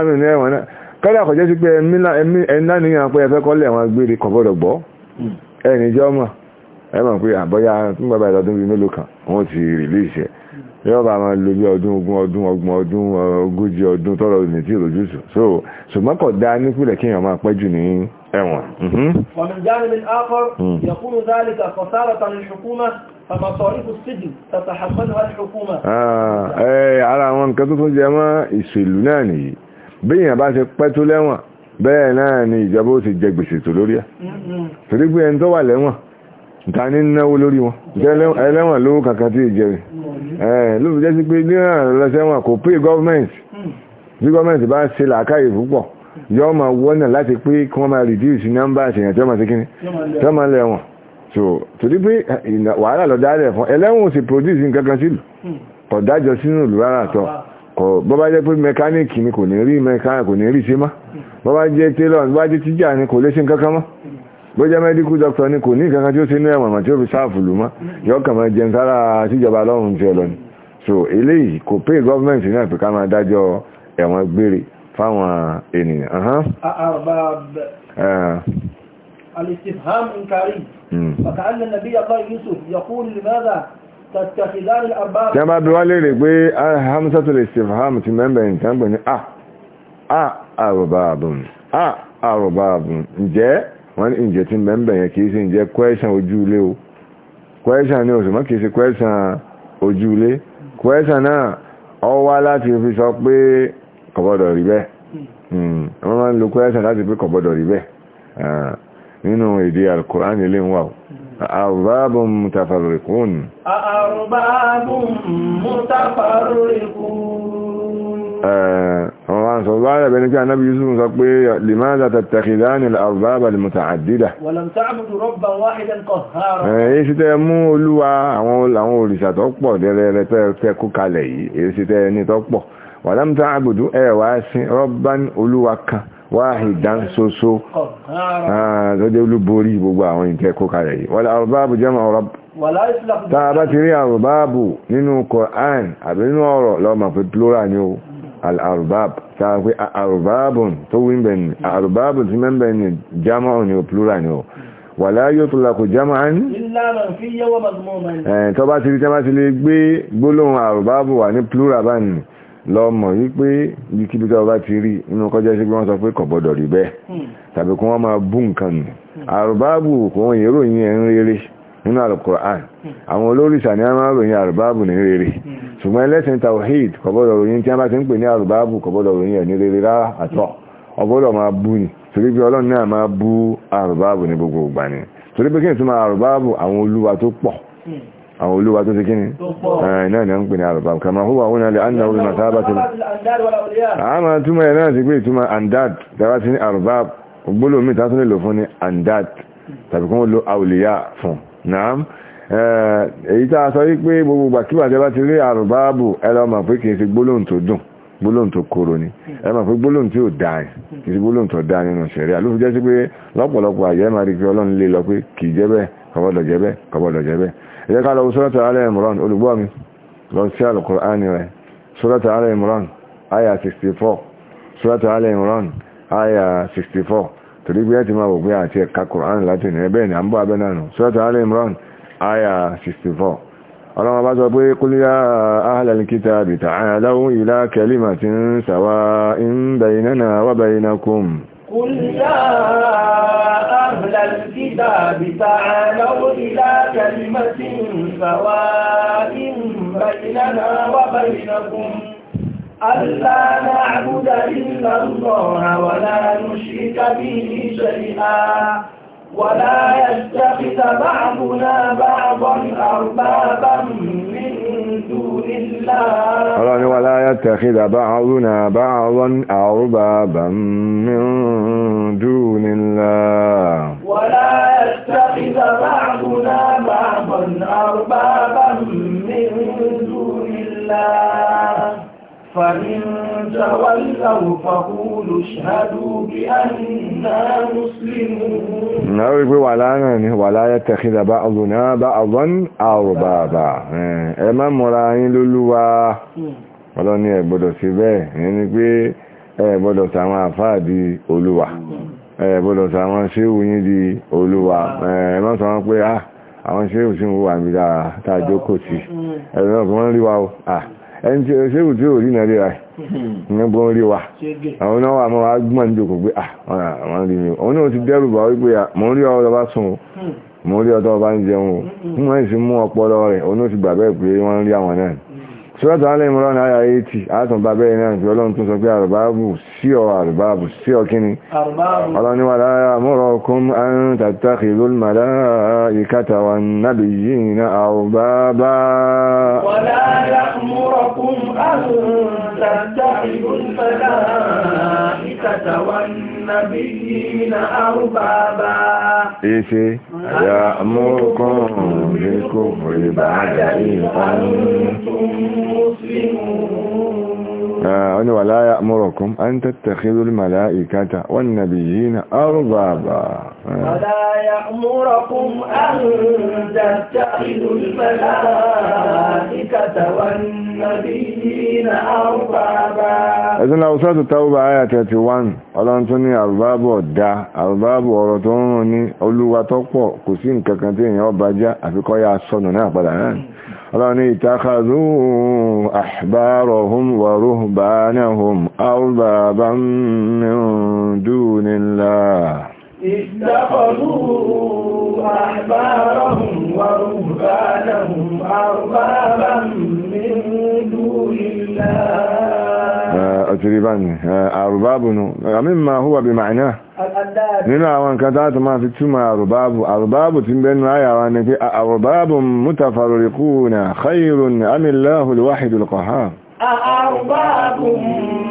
bẹ̀rẹ̀ kọ́lá àkọ́jẹ́ sí pé ẹ̀ńdá ní àwọn ẹ̀fẹ́ kọ́lẹ̀ wọn gbére kọ̀ gbọ́ ẹni jọ mọ̀ ẹ pé àbọ́yá fún bàbá ìlọ́dún bíi mélòó kan wọ́n ti rìlíìsì ẹ̀ máa lo bí ọdún ogún ọdún ọgbọ̀n ọdún ogójì ọdún tọ́rọ ní tí ìròjútù so ṣùgbọ́n dá nípìnlẹ̀ kí èèyàn máa pẹ́ jù ní ẹ̀wọ̀n. ومن جانب آخر يكون ذلك خسارة للحكومة فمصاريف السجن تتحملها الحكومة. ara àwọn nǹkan tó tún jẹ mọ́ ìṣèlú náà nìyí béèyàn bá ṣe pẹ́ tó lẹ́wọ̀n bẹ́ẹ̀ náà ni ìjọba ó ti jẹ gbèsè tó lórí ẹ̀ torí pé ẹni tó wà lẹ́wọ̀n ta ní náwó lórí wọn ẹlẹ́wọ̀n lówó kankan tí ìjẹrì ẹ̀ ló fi jẹ́ sí pé ní ààrẹ lọ́sẹ̀wọ̀n kò pé gọ́ọ̀mẹ̀ntì bí gọ́ọ̀mẹ̀ntì bá ṣe làákàyè púpọ̀ yọ́ máa wọ́nà láti pé kí wọ́n máa reduce number ṣèyàn tí wọ́n máa ṣe kíní tí wọ́n máa lẹ́wọ̀n so torí pé wàhálà lọ́dá rẹ̀ fún ẹlẹ́wọ̀n ò sì produce nǹkan kan sílùú kọ̀dájọ sínú ìlú rárá tọ́ kò bọ́bá jẹ́ pé mẹkáníkì ni kò ní rí mẹkáníkì kò ní rí sí má bọ́bá jẹ́ télọ̀ bọ́bá jẹ́ tíjà ni kò lè ṣe nǹkankan mọ́ bó jẹ́ mẹ́díkù dọ́kítọ̀ ni kò ní nǹkankan tí ó ṣe ní ẹ̀wọ̀n àti ó fi sáàfù lù mọ́ yọ kàn máa jẹun sára síjọba lọ́rùn ti ọ̀lọ́ ni so eléyìí kò pé gọ́ọ̀mẹ̀ntì náà pé ká máa dájọ́ ẹ̀wọ̀n gbére fáwọn ènìyàn. الاستفهام انكاري وكأن النبي الله يوسف يقول لماذا tí a bá bí wá lèrè pé ah, hamsatul istifham ti mẹ́bẹ̀ nǹkan pẹ̀ ní a ah, a ah, arubabun a arubabun ǹjẹ́ wọ́n ní ǹjẹ́ ti mẹ́bẹ̀ yẹn kìí sí ǹjẹ́ kwẹ́ṣàn ojúlé o kwẹ́ṣàn ní òṣùmọ́ kìí sí kwẹ́ṣàn ojúlé kwẹ́ṣàn náà ọ wá láti fi sọ pé kọ̀bọ̀dọ̀ rí bẹ́ẹ̀ hmm, nínú èdè Al-Qur'an أأرباب متفرقون أأرباب متفرقون ọ̀rán sọ bá rẹ̀ bẹni kí a nábi yusuf sọ pé limáza tàtàkìdáni al'arbaba al-muta'addida èyí sí tẹ́ mú olúwa àwọn òrìṣà tó pọ̀ dẹ̀rẹ̀ tẹ́ kó kalẹ̀ yìí èyí sí tẹ́ ní tó pọ̀ wàlámtà àbùdú ẹ̀wà sí rọ́bán olúwa kan واحدا سوسو لدي لبوري بوبا وين تكو كاري والارباب جمع رب ولا يطلق تابا تري ارباب نينو قران ابي نورو لو ما في بلورا نيو الارباب تابي ارباب توين بين ارباب تمن بين جمع نيو بلورا نيو wàlá yóò tó lakò jama'an tó bá ti rí jama'an ti lè gbé gbólóhùn àrùbábù wà ní plural báyìí lọ́mọ̀ wípé ibikíbi tí ọba ti rí inú kọjá sí pé wọ́n sọ pé kò gbọ́dọ̀ rí bẹ́ẹ̀ hmm. tàbí kí wọ́n máa bú nǹkan nù hmm. àrùbáàbù kò wọ́n èrò yìí ẹ̀ ń rere nínú alukur'an hmm. àwọn olórìṣà ni a máa ròyìn àrùbáàbù ní rere ṣùgbọ́n ẹlẹ́sìn tawhid kò ròyìn tí a bá ti ń pè ní àrùbáàbù kò ròyìn ẹ̀ ní rere rárá àtọ́ ni torí pé ọlọ́run ni torí pé kí n tún máa àrùbáàbù àwọn àwọn olúwa tó ti kíni náà ni a ń pè ní arbab kama huwa wuna lè an náwó masába tó a máa túmọ̀ ẹ̀ náà ti pé ìtumọ̀ andad tàbá sí ní arbab gbólómi tásánlẹ̀ lò fún ní andad tàbí kún lo àwòlìyà fún náà èyí tá a sọ yí pé gbogbo gbàkíwà tẹ́ bá ti rí àrùbáàbù ẹlọ́mà pé kìí ṣe gbólóhùn tó dùn gbólóhùn tó kóró ni ẹlọ́mà pé gbólóhùn tí ò dáa kìí ṣe gbólóhùn tó dáa nínú ṣẹ̀ríà ló fi jẹ́ sí pé lọ́pọ̀lọpọ̀ àyẹ́ máa rí pé ọlọ́run lè lọ pé kìí jẹ́ bẹ́ẹ̀ kọ́bọ̀dọ̀ jẹ́ bẹ́ẹ̀ kọ́bọ̀dọ̀ jẹ́ bẹ́ẹ̀ ẹ̀yẹ́ ká lọ sọ́rọ̀tà alẹ́ imran olùgbọ́ mi lọ sí alùkùránì rẹ̀ aya 64 sọ́rọ̀tà alẹ́ imran aya 64 torí gbé ẹ̀tì gbogbo àti ẹ̀ka kùránì láti ní ẹbẹ́ ní àmbọ́ abẹ́ aya 64 ọlọ́wọ́ bá sọ pé kúlíyà ahàlẹ́lìkítà bìtà àyàláwó ìlà قل يا أهل الكتاب تعالوا إلى كلمة سواء بيننا وبينكم ألا نعبد إلا الله ولا نشرك به شيئا ولا يتخذ بعضنا بعضا أربابا من الله ولا يتخذ بعضنا بعضا أربابا من دون الله ولا يتخذ بعضنا بعضا أربابا من دون الله فإن تولوا فقولوا اشهدوا بأننا مسلمون نعرف ولانا ني ولا يتخذ بعضنا بعضا أربابا ẹ má múra yín lólúwa hmm. Ọlọ́run ní ẹ gbọ́dọ̀ sí bẹ́ẹ̀ ìyẹn ni pé ẹ gbọ́dọ̀ sàwọn àfáà di olúwa hmm. ẹ gbọ́dọ̀ sàwọn ṣéwù yín di olúwa ah. ẹ má sọ wọn pé ah, àwọn ṣéwù sí wọ́n wà níbi dáa tàjókòó sí hmm. ẹ̀rọ ọ̀gbọ́n rí wa ó ẹni tí ó ṣéwù tí ó rí náà ríra hmm. ní gbọ́n rí wa àwọn náà wà máa gbọ́n ní òkò pé àwọn ah, rí mi òun náà ti dẹ́rù bá wípé ah, mò ń rí ọ̀rọ̀ bá sùn hmm. mò ń rí ọ̀tọ̀ bá ń jẹun o fún hmm. ọpọlọ rẹ̀ òun náà ti gbà pé wọ́n rí àwọn náà sọ́tọ̀ alẹ́ ìmúra ní àyà 80 àtàn bàbẹ́ iná àti ọlọ́run tún sọ pé àrùbáàbù sí ọ àrùbáàbù sí ọ kíni ọlọ́niwà lára mọ́rọ̀ kún àrùn tàtàkì الملائكة والنبيين أربابا إيه يأمركم بالكفر بعد إذ أنتم مسلمون آه، ولا يأمركم أن تتخذوا الملائكة والنبيين أربابا آه. ولا يأمركم أن تتخذوا الملائكة والنبيين أربابا إذن لو سألت التوبة آية 31 ألا أنتني أرباب ودع أرباب ورطوني أولو وطقو كسين ككنتين يوبا جاء أفكو يا صنو نعبدا ọlọ́ni ìtàkàzú àbárọ̀hún wà rúhùbánahùn áwùbàbá min dúnillah اتخذوا أحبارهم ورهبانهم أربابا من دون الله تقريبا آه، آه، اربابا مما هو بمعناه نلا وان كذات ما في تما أرباب أرباب تنبين آية وان أرباب متفرقون خير أم الله الواحد القهار أأرباب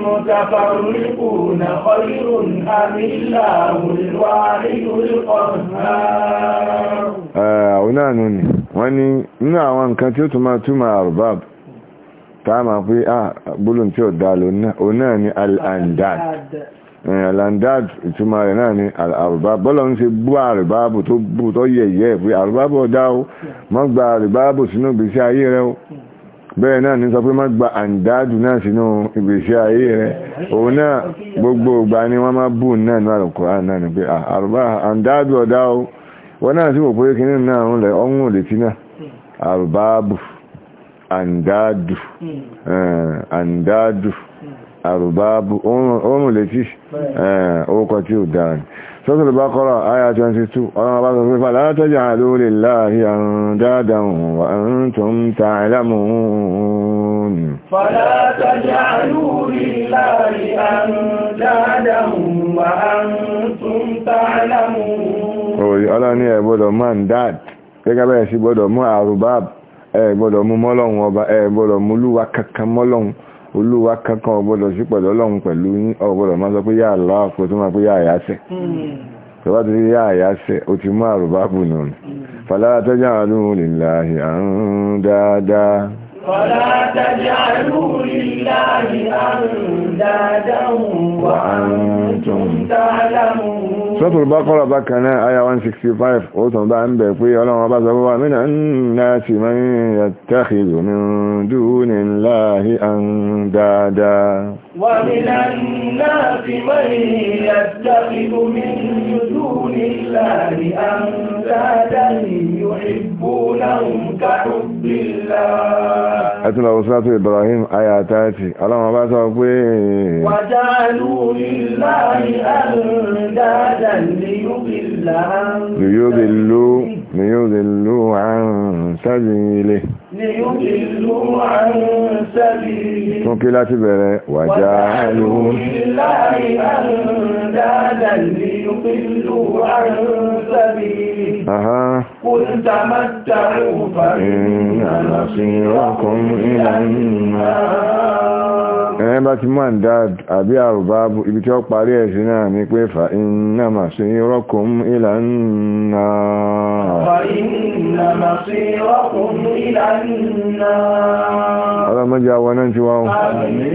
متفرقون خير أم الله الواحد القهار òun náà nù ní wọ́n ní nínú àwọn nǹkan tí ó tún máa túmọ̀ arbab ta ma pé à ah, gbólùn tí ó dá òun náà ni al-andad al-andad eh, ìtumọ̀ rẹ̀ náà ni al-arbab bọ́lọ̀ ń ṣe bú àrìbáàbù tó bú tó yẹ̀yẹ́ pé àrìbáàbù ọ̀dá o mọ́ gba àrìbáàbù sínú ìgbésí ayé rẹ̀ o bẹ́ẹ̀ náà ní sọ má gba àǹdáàdù náà sínú ìgbésí ayé rẹ̀ òun náà gbogbo ni wọ́n má náà ní náà ní pé ah, àrùbá ọ̀dá o wọ́n náà sì wò pé kí nínú náà rúnlẹ̀ ọ̀hún òlétí náà àrùbá bù àǹdáàdù hmm. eh, àǹdáàdù hmm. àrùbá bù ọ̀hún òlétí eh, orúkọ tí ò dáa سورة البقرة آية 22 فلا تجعلوا لله أندادا وأنتم تعلمون فلا تجعلوا لله أندادا وأنتم تعلمون أولي ألا ني أبودو من داد gẹ́gẹ́ bẹ́ẹ̀ sí gbọ́dọ̀ mú àrùbáàbù ẹ gbọ́dọ̀ mú mọ́lọ́hun ọba ẹ gbọ́dọ̀ mú lúwa kankan mọ́lọ́hun olúwa kankan ọgbọ́dọ̀ sí pẹ̀lú ọlọ́run pẹ̀lú yín ọgbọ́dọ̀ máa sọ pé yà láà kò tó máa pé yà àyáṣẹ́ hmm. tọ́wá ti rí yà àyáṣẹ́ ó ti mú àrùbá bù nù rẹ̀ hmm. fàlára tọ́jà àlùhù lìláhì àrùn dáadáa fàlára tọ́jà àlùhù lìláhì àrùn dáadáa wà àrùn tó ń dáadáa sọ́tùrù bá kọ́rọ̀ bá 165 ó tàn bá ń bẹ̀ pé ọlọ́run ọba sọ wà mínà náà sì máa ń yàtàkì lónìí dúró ní láàáhí àndáadáa ومن الناس من يتخذ من دون الله أندادا يحبونهم كحب الله أتنا وصلاة إبراهيم آياتاتي اللهم بارك وقوي وجعلوا لله أندادا ليضل عن ليضلوا ليضلوا عن سبيله Tún kí láti bẹ̀rẹ̀ wàjá lóhun. Aha. Ìrìnàmà sí ọkùn ìlànà. Ẹ bá ti máa ń dá àbí àrùbá ibi tí ó parí ẹ̀ sí náà ní pé fa ìrìnàmà sí ọkùn ìlànà. Fa ìrìnàmà sí ọkùn ìlànà ọlọ́mọdé àwọn náà ti wá wọn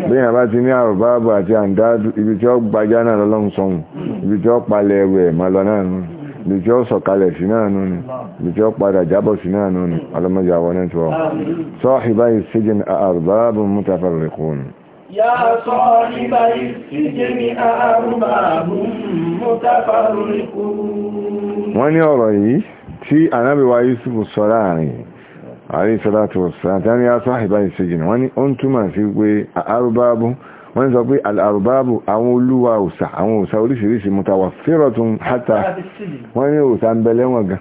bí yàrá ti ní àrùbáàbù àti àǹdáàdù ibi tí ó gbajá náà lọ́lọ́run sọ̀hún ibi tí ó palẹ̀ ẹ̀wẹ̀ mà lọ náà nù ibi tí ó sọ̀kalẹ̀ sí náà nù ni ibi tí ó padà jábọ̀ sí náà nù ni ọlọ́mọdé àwọn ti wá wọn sọ́ọ̀hìbá ìsíjìn àrùbáàbù mutafarriqun يا صاحب wọ́n ní ọ̀rọ̀ yìí tí ànábì wa Yusuf sọ láàrin alayhi salatu wassalam tani ya sahiba ìsìgìn wọ́n ni ó ń túmọ̀ sí pé arúbábú wọ́n ń sọ pé al'arúbábù àwọn olúwa òsà àwọn òsà oríṣiríṣi mutawa fíratun hátà wọ́n ní òsà ń bẹ̀lẹ̀ wọn gan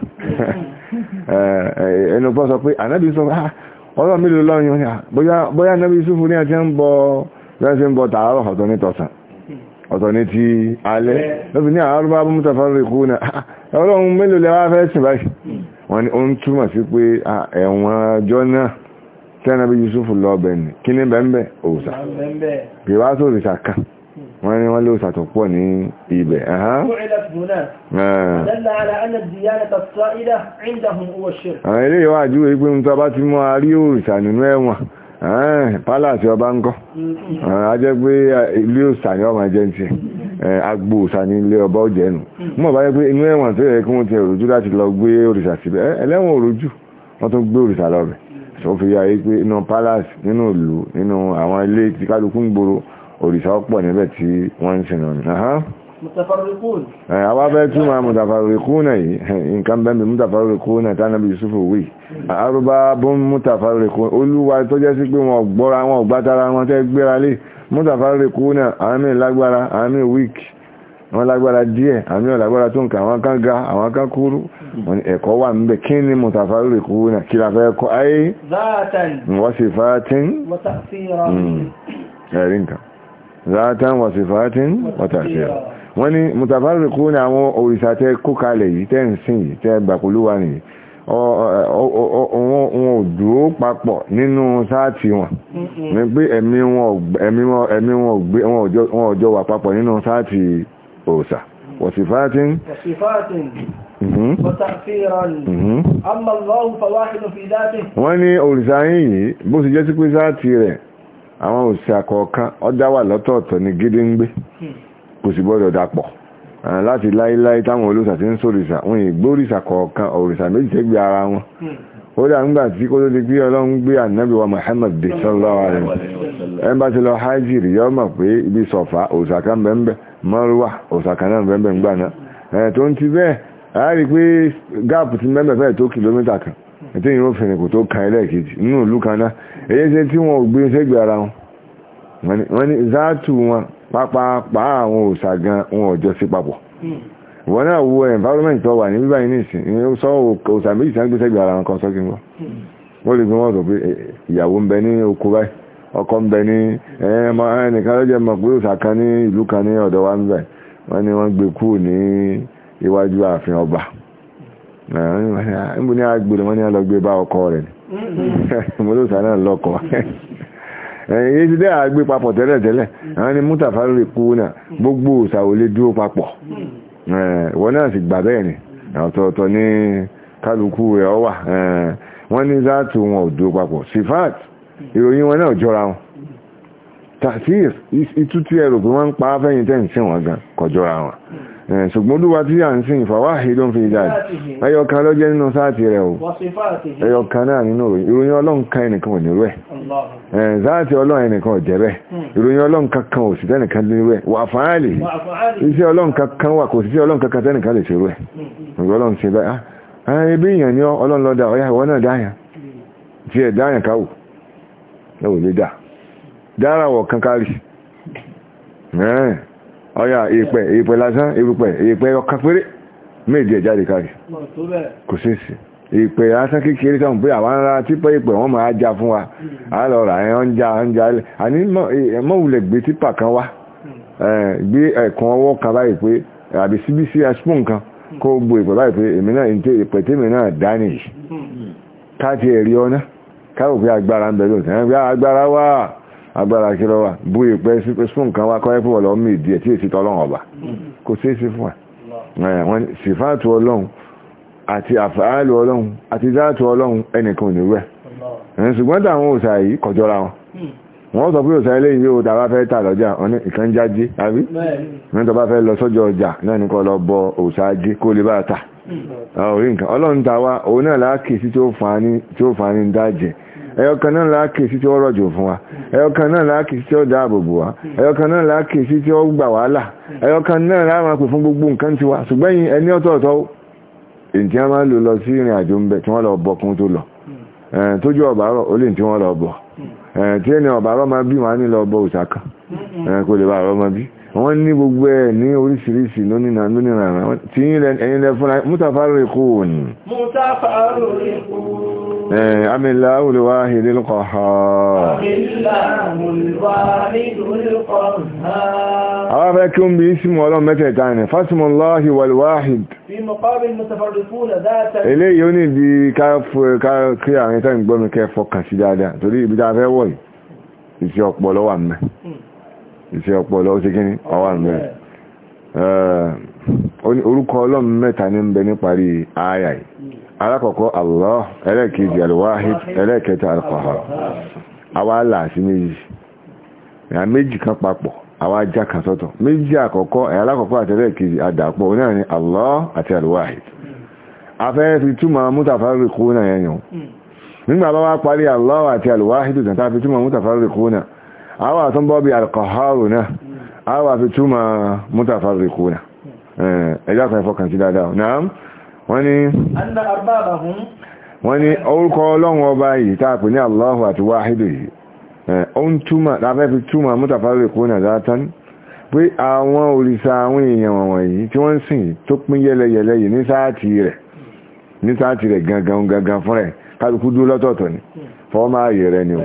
eh, eh, ẹnu pọ́ sọ pé anábi sọ ah, ọlọ́ mílò lọ́yìn ah, bóyá anábi súfù ní àti ń bọ rẹ́sí wọ́n ní ó ń túmọ̀ sí pé ẹ̀wọ̀n ọjọ́ náà tí ẹ̀nà bí Yusuf lọ ọbẹ̀ ni kí ní bẹ́ẹ̀ òòsà kì wá sí òòsà kan wọ́n ní wọ́n lé òòsà tó pọ̀ ní ibẹ̀ ilé ìwájú wípé ń tọ́ bá ti mọ́ a òòsà nínú ẹ̀wọ̀n Eh, palace ọba ń kọ́ mm-hmm. eh, a jẹ́ pé eh, ilé òsà ni ọmọ ẹjẹ́ ti agbó òsà ní ilé ọba ọjẹ́ nù mọ́ mm-hmm. bá jẹ́ pé inú ẹ̀wọ̀n tó yẹ kí wọ́n ti òròjú láti lọ gbé òrìṣà síbẹ̀ ẹlẹ́wọ̀n òròjú wọ́n tún gbé òrìṣà lọ bẹ̀ tó fi yá yí pé inú palace nínú ìlú nínú àwọn ilé tí kálukú ń gbòòrò òrìṣà ọ̀pọ̀ níbẹ̀ tí wọ́n ń sìn lọ́nà àwa bẹ́ tí ma mutafarikuna yìí nǹkan bẹ́m̀bẹ̀ mutafarikuna tánàbí yusufu wí arúbábọ́n mutafarikuna olúwa tó jẹ́ sí pé wọn gbọ́ra wọn gbátara wọn tẹ́ gbéra lé mutafarikuna àmì lágbára àmì wík wọn lágbára díẹ̀ àmì ọ̀lágbára tó nǹkan àwọn kan ga àwọn kan kúrú ẹ̀kọ́ wà ń bẹ̀ kí ni mutafarikuna kí la fẹ́ kọ́ ayé wọ́n sì fàátín ẹ̀rí nǹkan zaatan wọ́n sì fàátín wọ́n tàfíra wọ́n ní mùtàfàrí kú ní àwọn òrìṣà tẹ́ kó kalẹ̀ yìí tẹ́ ń sìn yìí tẹ́ gbàkúlúwà nìyí wọn ò dúró papọ̀ nínú sáàtì wọn ní pé ẹ̀mí wọn ò jọ wà papọ̀ nínú sáàtì òòṣà wọ̀sífàtín mm-hmm. mm-hmm. wọ́n ní òrìṣà yìí bó sì jẹ́ sí pé sáàtì rẹ̀ àwọn òṣìṣà kọ̀ọ̀kan ó dá wà lọ́tọ̀ọ̀tọ̀ ní gídíngbé kò sì gbọ́dọ̀ dapọ̀ láti láíláí táwọn olóòsà ti ń sòrìṣà wọn ìgbórìṣà kọ̀ọ̀kan òrìṣà méjì tẹ́gbẹ̀ ara wọn ó dà ń gbà tí kó tó ti gbé ọlọ́run gbé ànábì wa Muhammad dé sallallahu alaihi wasallam ẹ bá ti lọ hajj rí yọ mọ̀ pé ibi sọ̀fà òrìṣà kan bẹ́ẹ̀ mọ́rúwà òrìṣà kan náà bẹ́ẹ̀ ń gbà náà ẹ̀ tó ń ti bẹ́ẹ̀ a rí pé gáàpù ti mẹ́mẹ́ fẹ́ tó kìlómítà kan ètò ìrìn òfin kò tó kan ẹlẹ́ẹ̀kejì nínú ìlú kan náà èyí ṣe tí wọn gbé sẹ́gbẹ̀ẹ́ ara wọn wọ́n ní záàtù wọn pápápá àwọn òòṣà gan wọn ọjọ́ sí papọ̀ wọ́n náà wo environment tó wà ní bíbá yìí nìsín ní ó sọ òòṣà méjì sáà gbé sẹ́gbẹ̀ẹ́ ara wọn kan sọ́kí wọn wọ́n lè gbé wọn sọ pé eh, ìyàwó ń bẹ ní oko báyìí ọkọ ń bẹ ní ẹnìkan lọ́jọ́ mọ̀ pé òòṣà kan ní ìlú kan ní ọ̀dọ̀ wa ń bẹ wọ́n ní wọ́n gbé kúrò ní iwájú ààfin ọba níbo ní agbèrè wọ́n ní alọ́gbé ah, bá ọkọ rẹ̀ ni mo lóòṣà náà lọ́kọ̀ọ́ èyí ti dẹ́ àgbé papọ̀ tẹ́lẹ̀ tẹ́lẹ̀ mm. àwọn ni mútàfà lórí kú náà mm. gbogbo òsàwò lè dúró papọ̀ mm. wọ́n náà sì gbà bẹ́ẹ̀ ni ọ̀tọ̀ọ̀tọ̀ ní kálukú rẹ̀ ọ wà wọ́n ní záàtù wọn ò dúró papọ̀ sifat ìròyìn wọn náà jọra wọn tàfíìs ìtútù ẹrù pé wọ́n ń pa afẹ́yìntẹ́ǹsìn wọn gan kọjọra wọn Eh, ṣùgbọ́n olúwa tí a ń sin ìfàwà ìdún fi ìdájì ẹyọkan ló jẹ́ nínú sáàtì rẹ̀ o ẹyọkan náà nínú ìròyìn ọlọ́run kan ẹnìkan ò nírú ẹ̀ eh, sáàtì ọlọ́run ẹnìkan ò jẹ́rẹ̀ hmm. ìròyìn ọlọ́run kankan ò sí tẹ́nìkan nírú ẹ̀ wà fàáàlì iṣẹ́ ọlọ́run kankan wà kò sí iṣẹ́ ọlọ́run kankan tẹ́nìkan lè ṣerú ẹ̀ hmm, hmm. ọlọ́run ṣe bẹ́ẹ̀ ah, ah ni ọlọ́run lọ́dà ọ̀yá ìwọ ọ̀yà ìpẹ̀ ìpẹ̀ lásán ìpẹ̀ ìpẹ̀ ọkàn péré méjì ẹ̀ jáde káàkiri kò sí sí ìpẹ̀ lásán kékeré sọ̀rọ̀ pé àwọn ará típẹ́ ìpẹ̀ wọ́n máa já fún wa á hmm. lọ rà ẹ̀ ọ́njà ọ́njà àní mọ́wulẹ̀ gbé típà kan wá hmm. gbé ẹ̀kan ọwọ́ kan báyìí pé àbí síbísí aspoon kan hmm. kó gbó ìpẹ̀ báyìí pé èmi náà ń tẹ ìpẹ̀ tèmi náà dání káàkiri ẹ̀rí ọ agbára kí ló wà bú ìpẹ́ fún nǹkan wá kọ́yẹ́ púpọ̀ lọ́mí ìdí ẹ̀ tí èsì tọ́lọ́run ọba kò sí sí fún wọn sífàtù ọlọ́run àti àfàálù ọlọ́run àti záàtù ọlọ́run ẹnìkan ní wẹ́ ṣùgbọ́n táwọn òsà yìí kọjọra wọn wọ́n sọ pé òsà ilé yìí ó dábá fẹ́ tà lọ́jà ọ̀ní ìkan jáde àbí ní tó bá fẹ́ lọ sọ́jọ́ ọjà náà ní kọ́ lọ bọ òsà ajé kó lè bá ta orí nǹkan ọlọ́run ta wá òun náà láàkì sí tí ó fà ní dájẹ́ ẹyọkan náà láàkì sí tí ó rọ̀jò fún wa ẹyọkan náà láàkì sí tí ó dáàbò bò wa ẹyọkan náà láàkì sí tí ó wàhálà ẹyọkan náà láàmà pè fún gbogbo nǹkan wa ẹni ọ̀tọ̀ọ̀tọ̀ lọ sí ìrìn àjò ń tí wọ́n lọ bọ̀ kún lọ tójú ọ̀bárọ̀ ó lè tí wọ́n lọ bọ̀ tí ẹni ọ̀bárọ̀ máa bí wọn bọ òṣàkà kó lè bá wọ́n ní gbogbo ẹ̀ ní oríṣiríṣi lónìí lónìí tí ẹ̀yìn lẹ fúnra mutafarriqun mutafarriqun amìláhù lè wá hìdí lọ́kọ̀ àwọn afẹ́ ń bí símọ̀ ọlọ́ ni fásímọ̀láhì wàlúwáhìd ibi iṣẹ́ ọpọlọ ó ṣe kí ni ọwà ń bẹ̀rẹ̀ eh, orúkọ ọlọ́run mẹ́ta ní ń bẹ ní parí ayà yìí alákọ̀ọ́kọ́ allah ẹlẹ́ẹ̀kejì alwahid ẹlẹ́ẹ̀kẹta alqahar awa là sí méjì ìyá méjì kan papọ̀ àwa já kan sọ́tọ̀ méjì àkọ́kọ́ ẹ̀yà alákọ̀ọ́kọ́ àti ẹlẹ́ẹ̀kejì àdàpọ̀ náà ni allah àti alwahid afẹ́rẹ́ fi túmọ̀ mútàfárìkú náà yẹn yàn hmm. nígbà bá wá parí allah àti alwahid tàbí túmọ̀ àwọn àtúnbọ́bí alkọ̀hárù náà àwọn àfitúmọ̀ mútàfàríkú náà eh, ẹjá kan ìfọkàn sí dáadáa náà wọ́n ni wọ́n ni orúkọ ọlọ́run ọba yìí tààpù ní Allahu àti wáhídù yìí eh, ó ń túmọ̀ láfẹ́fẹ́ túmọ̀ mútàfàríkú náà zátán pé àwọn òrìṣà àwọn èèyàn wọ̀nyí tí wọ́n sìn tó pín yẹlẹyẹlẹ yìí ní sáàtì rẹ̀ ní sáàtì rẹ̀ gangan gangan fún rẹ̀ kálukú dúró lọ́tọ̀ọ̀tọ̀ ni hmm. fọ́ọ́mà ayẹ̀ rẹ̀ ni o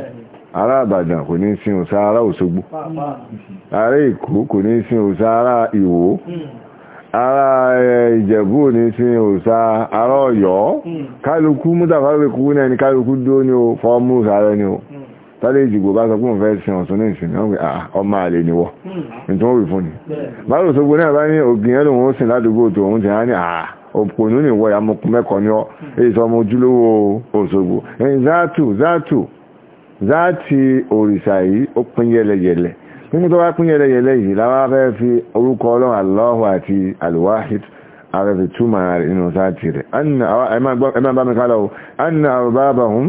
Ara àbàdàn kò ní sin òsà ará òṣogbo ará èkó kò ní sin òsà ará ìwó ará ìjẹ̀bú ò ní sin òsà ará ọ̀yọ́ kálukú mútàfàwékú náà ni kálukú dó ní o fọ́ọ̀mù sàárẹ́ ni o tálẹ́ ìjìgbò bá sọ pé òun fẹ́ sin ọ̀sán ní ìsìn náà ọmọ àlè ni wọ́ nítorí wọ́n wì fún ni báyìí òṣogbo náà bá ní ògìn yẹn lòun sìn ládùúgbò tó òun ti hàn ní àà òpònú nìwọ̀ ìyàmọ̀kùn mẹ́kọ̀ọ́ ni ọ́ èyí sọ ọmọ ojúlówó òṣogbo ẹ̀yìn záàtù záàtù záàtì òrìṣà yìí ó pín yẹlẹyẹlẹ nínú tó bá pín yẹlẹyẹlẹ yìí láwá fẹ́ fi orúkọ ọlọ́run Allahu àti alwahid arẹ́fẹ́ túmọ̀ rẹ̀ nínú záàtì rẹ̀ ẹmà bá mi kálọ̀ o anna arbabahum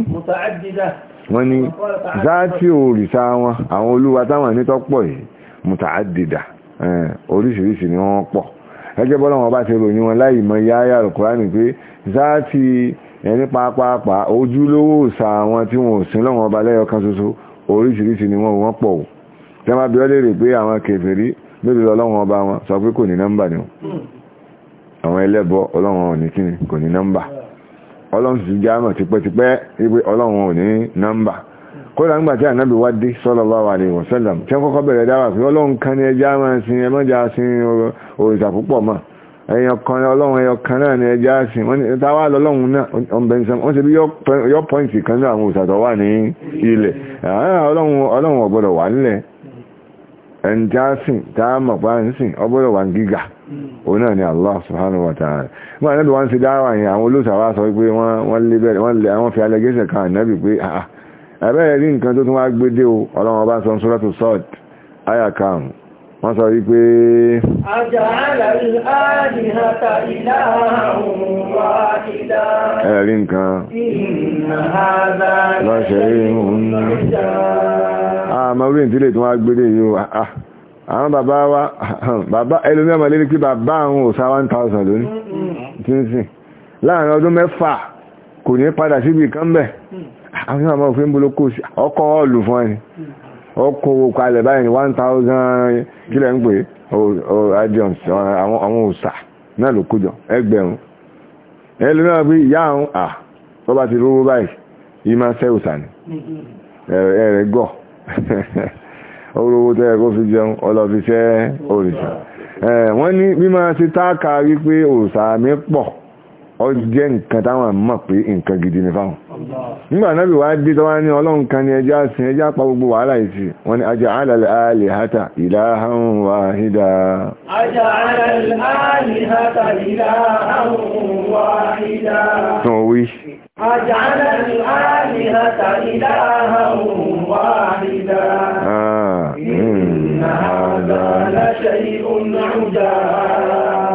wọ́n ni záàtì òrìṣà wọn àwọn olúwa táwọn ní tọ́pọ̀ yìí mutaaddida oríṣiríṣi ni wọ́n pọ̀ ẹgẹ́ bọ́lọ́wọ́n bá ti ròyìn wọn láì mọ yáyà al pé záàtì ẹni pàápàá ojúlówó òsà àwọn tí wọn ò sin lọ́wọ́ ọba lẹ́yọ kan ṣoṣo oríṣiríṣi ni wọ́n wọ́n pọ̀ tẹ́ máa bí ọ́ léèrè pé àwọn kèfèrí mélòó lọ́lọ́wọ́n ọba wọn sọ pé kò ní nọ́mbà ni àwọn ẹlẹ́bọ ọlọ́wọ́n ò ní kíni kò ní nọ́mbà ọlọ́run sì já mọ̀ tipẹ́tipẹ́ wípé ọlọ́run ò ní nọ́mbà kódà ńgbà tí ànábì wá dé sallallahu alaihi wasallam tí wọ́n kọ́kọ́ bẹ̀rẹ̀ dáwà pé ọlọ́run kan ní ẹjá máa sin ẹmọ́jà sin òrìṣà púpọ̀ máa ẹ̀yàn kan ọlọ́run ẹ̀yàn kan náà ni ẹja sìn wọ́n ni táwa lọ́lọ́run náà ọ̀bẹ̀nsẹ̀ wọ́n ṣe bí yọ pọ́ǹtì kan náà àwọn òṣàtọ̀ wà ní ilẹ̀ ọlọ́run ọ̀gbọ́dọ̀ wà nílẹ̀ ẹni tí a sìn tá a mọ̀ pa ń sìn ọgbọ́dọ̀ wà gíga òun náà ni Allah subhanahu wa ta'ala nígbà náà bí wọ́n ti dáwà yẹn àwọn olóṣàwà sọ pé wọ́n lé bẹ́ẹ̀ wọ́n lé àwọn fi allegation kan ànábì pé ẹ̀bẹ́ẹ̀ rí nǹkan tó tún wá gbé dé o ọlọ́run ọba sọ sọ́rọ́tù sọ́ọ̀tì áyà karùn wọ́n sọ wípé ẹ̀rí nǹkan lọ́ṣẹ̀ rí ohun àmọ́ orí ìtílé tí wọ́n gbélé yóò àwọn bàbá wa bàbá ẹlòmí ọmọ lérí pé bàbá àwọn òsá 1000 lónìí tí ń sìn láàrin ọdún mẹ́fà kò ní padà síbi kan bẹ̀ àwọn ọmọ òfin bolo kó ọkọ̀ ọlù fún ẹni ó kó owó kalẹ̀ báyìí one thousand kílẹ̀ ń pè adions àwọn òòsà náà ló kójọ ẹgbẹ̀rún ẹlú náà bí ìyá àwọn à tó bá ti rówó báyìí yìí máa ṣẹ́ òòsà ni ẹ̀rẹ̀ gọ̀ orówó tẹ́ẹ̀ kó fi jẹun ọlọ́fiṣẹ́ òrìṣà wọ́n ní bí máa ṣe táàkà wípé òòsà mi pọ̀ ó jẹ́ nǹkan táwọn mọ̀ pé nǹkan gidi ni fáwọn nígbà náàbì wá dé tọ́wá ní ọlọ́run kan ní ẹjá sin ẹjá pa gbogbo wàhálà ìsì wọ́n ni ajá alàlẹ̀ alì hátà ìlàhàn wàhídà tán wí ajá alàlẹ̀ alì hátà ìlàhàn wàhídà ìnà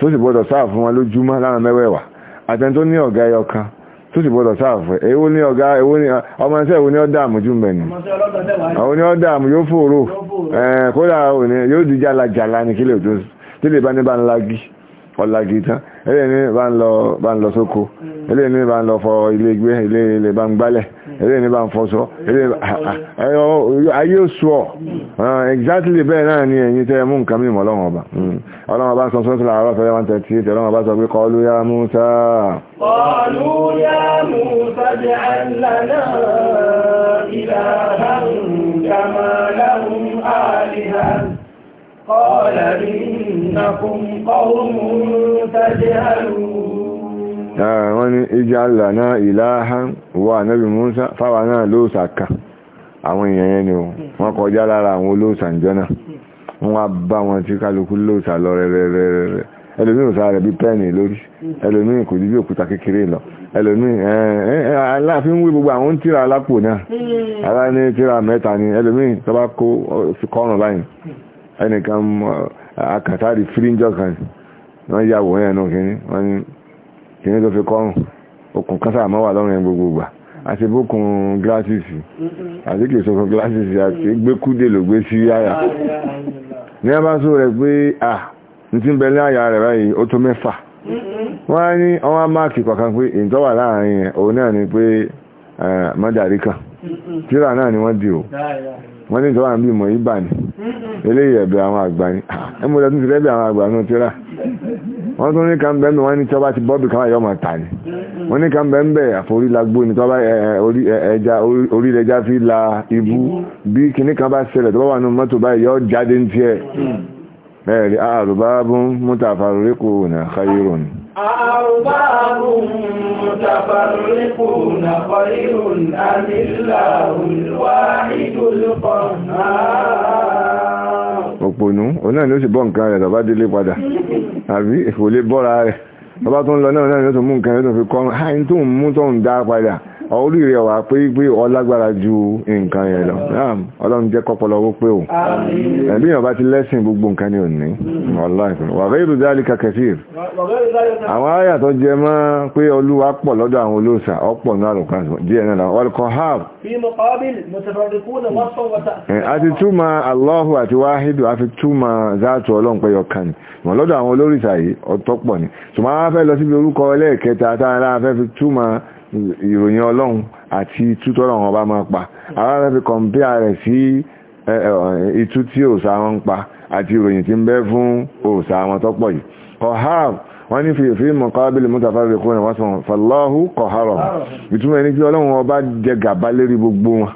tó sì gbọ́dọ̀ sáà fún wọn lójúmọ́ lára mẹ́wẹ̀ẹ̀wà àtẹni tó ní ọ̀gá ẹyọ kan tó sì gbọ́dọ̀ sáà fún ẹ̀ èwo ní ọ̀gá èwo ní ọmọ ẹsẹ̀ èwo ní ọ̀dà àmójú mbẹ̀ ni àwọn ní ọ̀dà àmójú yóò fòrò kódà yóò di jàlàjàlà ní kílè tó lè bá ní bá ńlá gí ọ̀làjì tán eléyìí bá ń lọ sóko eléyìí bá ń lọ fọ ilé gbé eléyìí bá ń gbálẹ̀ eléyìí bá ń fọṣọ ayé oṣù ah, exactly bẹ́ẹ̀ náà ni ẹ̀yin tẹ́ mú nǹkan mímọ̀ hmm. ọlọ́run ọba sọ sọ́tún àárọ̀ fẹ́rẹ́ wọn tẹ̀tí sọ pé kọlu ya Musa kọlu ya Musa jẹ́ àlànà ìlànà kama lahum alihan قال إنكم قوم تجهلون wọ́n ní ìjà àwọn èèyàn yẹn ni kọjá lára àwọn bá wọn tí kálukú lọ ẹlòmí bí pẹ́ẹ̀nì lórí ẹlòmí kò bí òkúta kékeré lọ ẹlòmí aláàfin wí gbogbo àwọn tíra alápò náà tíra ni ẹlòmí kó ẹnìkan akàtàrí uh, fíríjọ kan wọ́n yàwó kìíní wọ́n ní kìíní tó fi kọ́rùn okùn kásà mọ́ wà lọ́rùn yẹn gbogbogbà àti bókun gíláṣìsì àti kìí sókun gíláṣìsì àti gbékúdè ló gbé sí àyà ní a bá sọ pé à ní ti ń bẹ ní àyà rẹ̀ báyìí ó tó mẹ́fà wọ́n á ní ọwọ́n máàkì kọ̀ọ̀kan pé láàrin yẹn òun pé eh, mọ́dàrí kan wọ́n ní ìtọ́wà bí mọ̀ ibà ní eléyìí ẹ̀bẹ̀ àwọn àgbà ní ẹmọ́lẹ̀ tún ti rẹ́bẹ̀ àwọn àgbà náà tíra wọ́n tún ní kan bẹ́ẹ̀ wọ́n ní tọ́ba ti bọ́ọ̀bì káwọn yọ máa tà ní wọ́n ní kan bẹ́ẹ̀ àforí lagbó ní tọ́ba ẹja orí ẹja fi la ibú bí kinní kan bá ṣẹlẹ̀ tọ́ba wà nù mọ́tò báyìí yọ jáde ní tiẹ̀ ẹ̀rí àrùbá bún أرباب متفرقون خير أم الواحد القهار òpònú òun náà ni ó sì bọ́ nǹkan rẹ̀ tọ́bá délé padà àbí ìfòlé bọ́ra rẹ̀ tọ́bá tó ń lọ náà ni ó tó mú nǹkan rẹ̀ tó fi kọrùn-ún àìntó mú tó ń dá padà orí rẹ̀ wà pé pé ọlágbára ju nǹkan yẹn lọ ọlọ́run jẹ́ kọ́pọ̀lọ́ owó pé o ẹ̀bí ìyànbá ti lẹ́sìn gbogbo nǹkan ní òní wàgẹ́ ìlú dálí kàkẹ́sì àwọn àyà tó jẹ mọ́ pé olúwa pọ̀ lọ́dọ̀ àwọn olóòṣà ọ̀pọ̀ náà lò kan díẹ̀ náà túmọ̀ àti wáhídù túmọ̀ záàtù ọlọ́run pé ọkàn ni lọ́dọ̀ àwọn olórìṣà yìí ni fẹ́ lọ síbi orúkọ ẹlẹ́ẹ̀kẹta ìròyìn ọlọ́run àti itú tọ́lọ̀ wọn bá máa pa àwọn afẹ́ fi kọ̀m̀píà rẹ̀ sí itú tí òòsà wọn ń pa àti ìròyìn tí ń bẹ fún òòsà wọn tọ́pọ̀ yìí kọ̀háàb wọ́n ní fèèfé mọ̀kábílì mútàfàbí kó ní wọ́n sọ fàlọ́hù kọ̀hárọ̀ ìtumọ̀ ẹni pé ọlọ́run ọba jẹ gàba lérí gbogbo wọn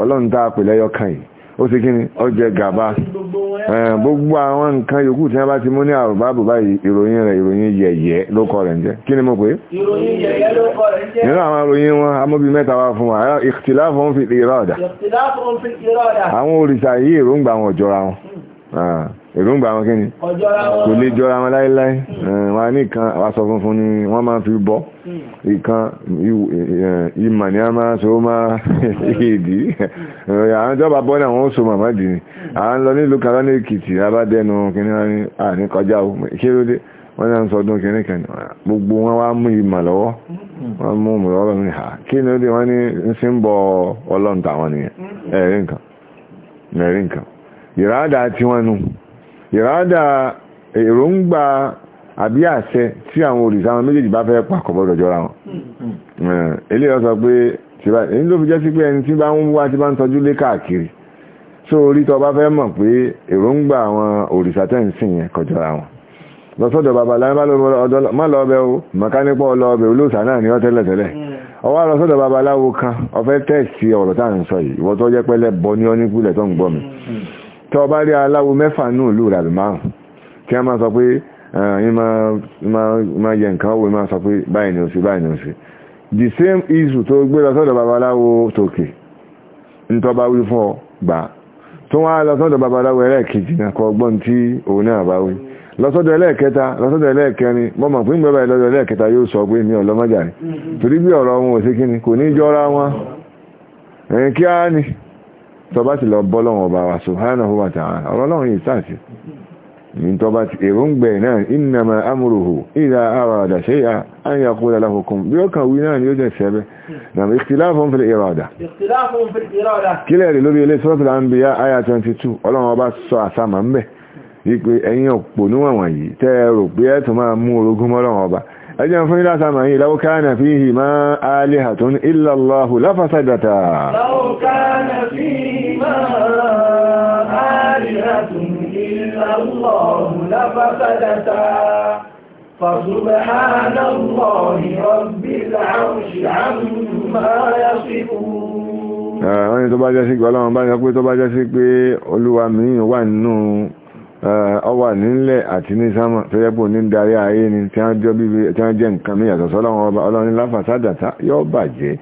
ọlọ́run tá a pè lẹ́yọ kan ó ti kíni ọjẹ́ gàba gbogbo àwọn nǹkan yòókù tí wọ́n bá ti mú ní àrùbá àbùbá ìròyìn rẹ̀ ìròyìn yẹ̀yẹ́ ló kọ rẹ̀ ń jẹ́ kí ni mo pè é nínú àwọn ìròyìn wọn amóbi mẹ́ta wá fún wa ìtìláfún fi ìrọ̀dà àwọn òrìṣà yìí èròǹgbà wọn jọra wọn Ah, èròǹgbà wọn kí ni kò jọra wọn láíláí eh, wọn ní ìkan àwásọ funfun ni wọn máa fi bọ ìkan eh, ìmà ní a máa so máa èdè eh, àwọn ìjọba bọ́ náà màmá dì ní àwọn lọ nílùú kan èkìtì wọn ni à ní kọjá o kí ló dé wọ́n náà ń sọ ọdún kìíní kan gbogbo wọn wá mú ìmà mú ní ha kí ló dé ní bọ ìrádà tí wọ́n nù ìrádà èròǹgbà àbí àṣẹ tí àwọn òrìṣà wọn méjèèjì bá fẹ́ pàkọ̀ bọ́dọ̀ jọra wọn ilé hmm. eh, ọ sọ pé èyí ló fi jẹ́ sí pé ẹni tí bá ń wá tí bá ń tọ́jú lé káàkiri tó orí tọ́ bá fẹ́ mọ̀ pé èròǹgbà àwọn òrìṣà tẹ́ ń sìn yẹn kọjọra wọn lọ́sọ́dọ̀ babaláyé má lọ ọbẹ̀ o mọ̀kánípọ̀ ọlọ ọbẹ̀ olóòsà náà ni ọ tẹ́lẹ̀ tẹ́lẹ̀ ọwọ́ hmm. lọ́sọ́dọ̀ babaláwo kan ọfẹ́ tẹ́ẹ̀sì ọ̀rọ̀ tá à ń sọ yìí ìwọ tó jẹ́ pẹ́lẹ́ bọ ní ọ́nípùlẹ̀ tó ń gbọ́ mi hmm tó bá rí aláwo mẹ́fà ní òlú rẹ̀ márùn kí a máa sọ pé ìmá yẹ nǹkan owó ìmá sọ pé báyìí ni ó sí báyìí ni ó sí the same issue tó gbé lọ sọ́dọ̀ babaláwo tòkè ń tọ́ bá wí fún ọ gbà tó wá lọ sọ́dọ̀ babaláwo ẹlẹ́ẹ̀kejì náà kọ ọgbọ́n tí òun náà bá wí lọ́sọ́dọ̀ ẹlẹ́ẹ̀kẹta lọ́sọ́dọ̀ ẹlẹ́ẹ̀kẹrin mọ́mọ̀ pín gbẹ́bà ìlọ́dọ̀ ẹlẹ́ẹ̀kẹta yóò sọ pé mi ọ̀lọ́mọ́jà ni torí bí ọ̀rọ̀ wọn ò sí kíni kò ní jọra wọn kí á ní tọba ti lọ bọ́lọ́wọ̀n ọba wa subhanahu wa ta'ala ọlọ́run yìí sáàtì ní tọba ti èròǹgbẹ̀ náà innama amruhu idha arada shay'an an yaqula lahu kun bí ó kàwí náà ni ó jẹ́ sẹ́bẹ̀ na ikhtilafun fil irada kílẹ̀ rẹ̀ lórí ilé suratul anbiya aya 22 ọlọ́run ọba sọ àsámà ń bẹ̀ wípé ẹ̀yin òpò níwọ̀n wọ̀nyí tẹ́ ẹ rò pé ẹ̀ tó máa mú orogún mọ́lọ́run ọba ẹjẹ́ fún ilá sàmà yìí law kana fihi ma alihatun illa Allahu lafasadata law kana fihi بما آلهة إلا الله لفسدتا فسبحان الله رب العرش عما يصفون. Àwọn ẹni tó bá jẹ́ sí pé ọlọ́run bá jẹ́ sí pé olúwa mi wà nínú ọwà nílẹ̀ àti ní sámà tó yẹ́pò ní darí ayé ni tí wọ́n jẹ́ nǹkan mí yàtọ̀ ọba ọlọ́ni láfàsádàtà yóò bàjẹ́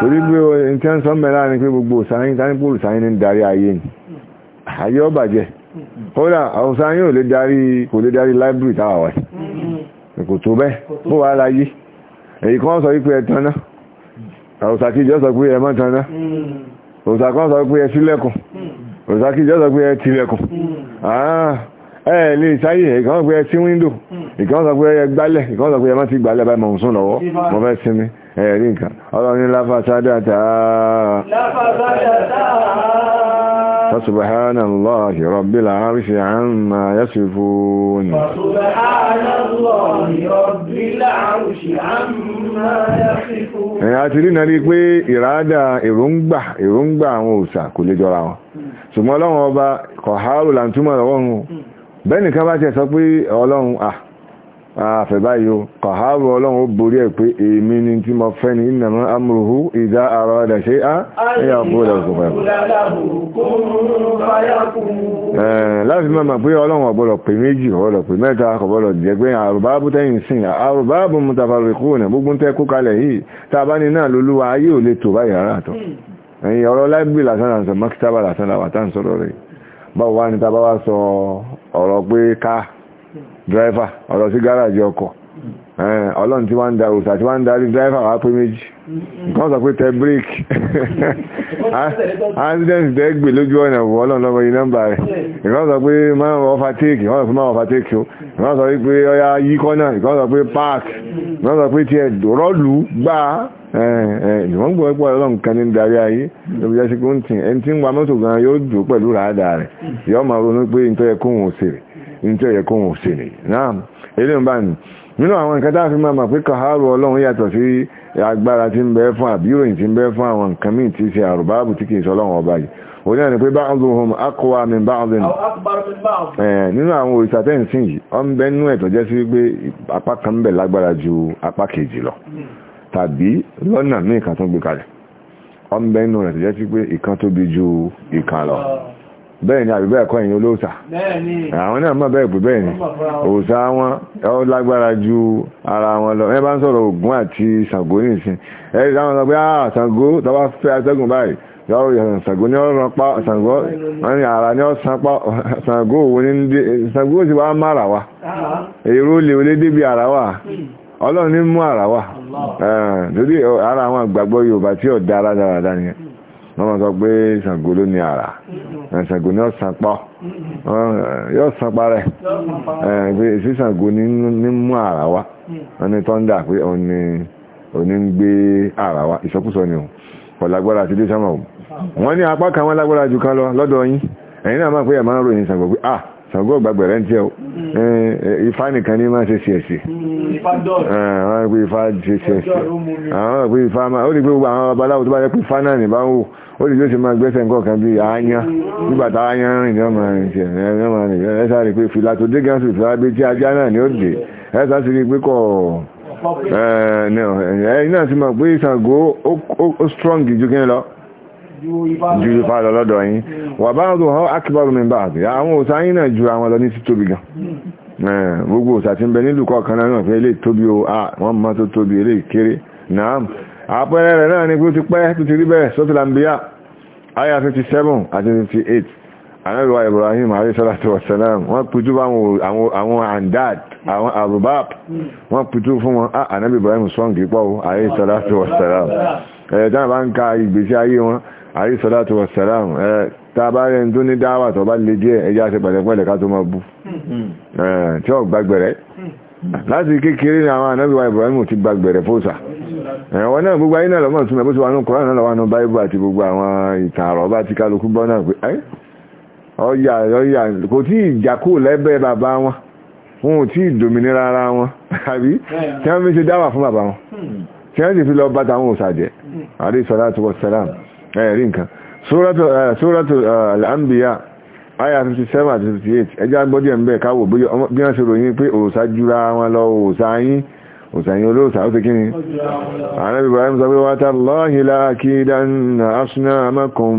torí pé ohun sọ pé gbogbo òsàáyín tánípò òsàáyín ayé ni ayé lè darí kò lè darí library táwà kò tó wà láyé sọ wípé ẹ tanná òsàkíjọ́ sọ pé ẹ mọ́ tanná òsàkán hmm. sọ pé ẹ sílẹ̀kùn hmm. òsákí jọ́sọ pé ẹ tilẹ̀kùn ẹ lè sáyé ìkan sọ pé ẹ sí wíńdò ìkan sọ pé ẹ gbálẹ̀ ìkan sọ pé ẹ má ti gbálẹ̀ báyìí mọ̀ ń lọ́wọ́ mo fẹ́ sinmi ẹ̀rí nǹkan ọlọ́ni láfàsádàtà ẹ̀yà ti rí náà rí pé ìrádà èròǹgbà èròǹgbà àwọn òòṣà kò lè jọra wọn ṣùgbọ́n ọlọ́run ọba kọ̀hárù làǹtúmọ̀ ọlọ́run bẹ́ẹ̀ni ká bá tẹ́ sọ pé ọlọ́run àfẹ̀báyò kọ̀hárù ọlọ́run ó borí ẹ̀ pé èmi ni tí mo fẹ́ ni ìnàmọ́ amúrùhú ìdá ara ọ̀dà ṣe á ẹ̀yà ọ̀pọ̀lọ̀ ọ̀pọ̀lọ̀ láti mọ̀ pé ọlọ́run ọ̀pọ̀lọ̀ pè méjì ọ̀pọ̀lọ̀ pè mẹ́ta ọ̀pọ̀lọ̀ jẹ́ pé àrùbábù tẹ́yìn sìn àrùbábù mutafarikú nà gbogbo tẹ́ kó kalẹ̀ yìí tá a bá ní náà lolúwa ayé ò le tò báyìí rárá tán ẹ̀yìn ọ̀rọ̀ láìbìrì lásán àṣọ mọ́kítàbà lásán àwà tá ń sọ̀rọ̀ rẹ̀ báwo wá ní tá bá wá sọ ọ̀rọ̀ pé ká dráìfà ọ̀rọ̀ sí gáràjì ọkọ̀ Eh, ọlọ́run tí wọ́n ń darí òsà tí wọ́n ń darí dráìfà wá pé méjì kan sọ pé tẹ bíríkì accident tẹ gbè lójú ọ̀nà wọ ọlọ́run lọ́wọ́ yìí nọ́mbà rẹ̀ ìkan sọ pé máa wọ fàtíkì ìkan sọ pé máa wọ fàtíkì o ìkan sọ pé ọya yí kọ́nà ìkan sọ pé park ìkan sọ pé tiẹ̀ rọ́ọ̀lù gbà eh, eh, wọ́n gbọ́ pé ọlọ́run kan ní darí ayé lóbi jẹ́ síkú ń tì ẹni tí ń wa mọ́tò gan yóò dùn pẹ̀lú ràádà rẹ̀ yóò máa ronú pé nítorí ẹ̀kọ́ òun ò sèrè nítorí ẹ̀kọ́ òun ò sèrè náà eléyìí bá ní nínú àwọn nǹkan tá a fi máa mọ̀ pé kàhárù ọlọ́run yàtọ̀ sí agbára tí ń bẹ fún àbíròyìn tí ń bẹ fún àwọn nǹkan míì tí ṣe àrùbáàbù tí kìí sọlọ́run ọba yìí ó ní àní pé ba'duhum aqwa min ba'd nínú àwọn òrìṣàtẹ́ǹsìn yìí ó ń bẹ nínú ẹ̀ jẹ́ sí pé apá kan ń lágbára ju apá kejì lọ tàbí lọ́nà míì kan tó gbé kalẹ̀ ó ń bẹ nínú rẹ̀ jẹ́ sí pé ìkan tóbi ju ìkan lọ bẹ́ẹ̀ ni àbíbẹ́ ẹ̀kọ́ ìyìn olóòsà àwọn náà mọ̀ bẹ́ẹ̀ pé bẹ́ẹ̀ ni òòsà wọn ó lágbára ju ara wọn lọ ẹ bá ń sọ̀rọ̀ ogun àti ní ìsìn ara èrò lè débi hmm. Ọlọ́run ní mú ara àwọn àgbàgbọ́ Yorùbá tí dáradára nìyẹn hmm. wọ́n sọ ara hmm. ṣàngó ní ọ̀sán pọ̀ yóò san parẹ́ pé ìṣẹ́ṣàngó ní ni àrà wá wọ́n ní tọ́ndà pé òní ń gbé àrà wá ìsọkúsọ ni kò lágbára àti dé sámà wọ́n ní apá kan wọ́n lágbára jù kan lọ lọ́dọ̀ yín ẹ̀yin náà máa pé ẹ̀mọ́ ròyìn ṣàngó pé ah Ṣàngó gbàgbẹ̀ rẹ̀ ń tí mm. ẹ̀ ifá nìkan ní máa ṣe ṣe ẹ̀ṣẹ̀ àwọn ìpé ifá ṣe ṣe ẹ̀ṣẹ̀ àwọn ìpé ifá máa ó rí pé gbogbo àwọn babaláwo tó bá jẹ́ pé ifá náà ní bá ń wò ó rí yóò ṣe máa gbẹ́sẹ̀ nǹkan kan bíi àáyán mm. nígbà tá àáyán rìn ní ọmọ rìn ṣe ẹ̀rẹ́ máa rìn ẹ̀ sá rí pé fìlà tó dé gánsù tó lábé tí ajá náà ni ó dé ẹ̀ sá rí pé kọ̀ ẹ̀ náà sí mọ̀ pé Ṣàngó ó strong ju kí ń lọ ju ipa lọ lọ́dọ̀ yín hmm. wà bá rò hàn akíbọ̀rù mi bá àti àwọn òsà yín náà ju àwọn lọ ní títóbi gan hmm. eh, gbogbo òsà tí ń bẹ nílùú kọ̀ọ̀kan náà náà pé ilé tóbi o ah, wọ́n mọ́ tó tóbi ilé kéré náà àpẹẹrẹ rẹ̀ náà ni pé ó ti pẹ́ tó ti rí bẹ́ẹ̀ sọ́tìlà ń bíyà aya 57 àti 58 anáríwá Ibrahim alayhisalatu wasalam wọ́n pìtú àwọn andad àwọn arubab hmm. wọ́n pìtú fún wọn anábí ah, Ibrahim sọ́ǹkì pọ̀ alayhisalatu wasalam ẹ̀ẹ̀dá eh, bá ń ka ìgbésí ayé wọn àrí sọ́látù wọ̀sẹ̀lám ẹ tàbá rẹ̀ tó ní dáwà tó bá lè díẹ̀ ẹjá ṣe pẹ̀lẹ̀pẹ̀lẹ̀ ká tó máa bú tí ó gbàgbẹ̀rẹ̀ láti kékeré ní àwọn anábíwá Ibrahim ti gbàgbẹ̀rẹ̀ fóòsà ẹ̀wọ̀n náà gbogbo ayé náà lọ́mọ̀ túnmẹ̀ bó ti wà ní Kùránì náà lọ́wọ́ báíbù àti gbogbo àwọn ìtàn àrọ̀bá ti kálukú gbọ́ náà pé ẹ́ ọ̀yà ọ̀yà kò tí ìjàkó ẹ̀rí eh, nǹkan eh, eh, al'ambiya aya 57-58 ẹjá gbọ́dí ẹ̀ káwò bí wọ́n ṣe ròyìn pé òòṣà jura wọn lọ òòṣà yín òòṣà yín olóòṣà ó ti kí ni anábì Ibrahim sọ pé wata lọ́hì láàkídánà asúná asúná amákan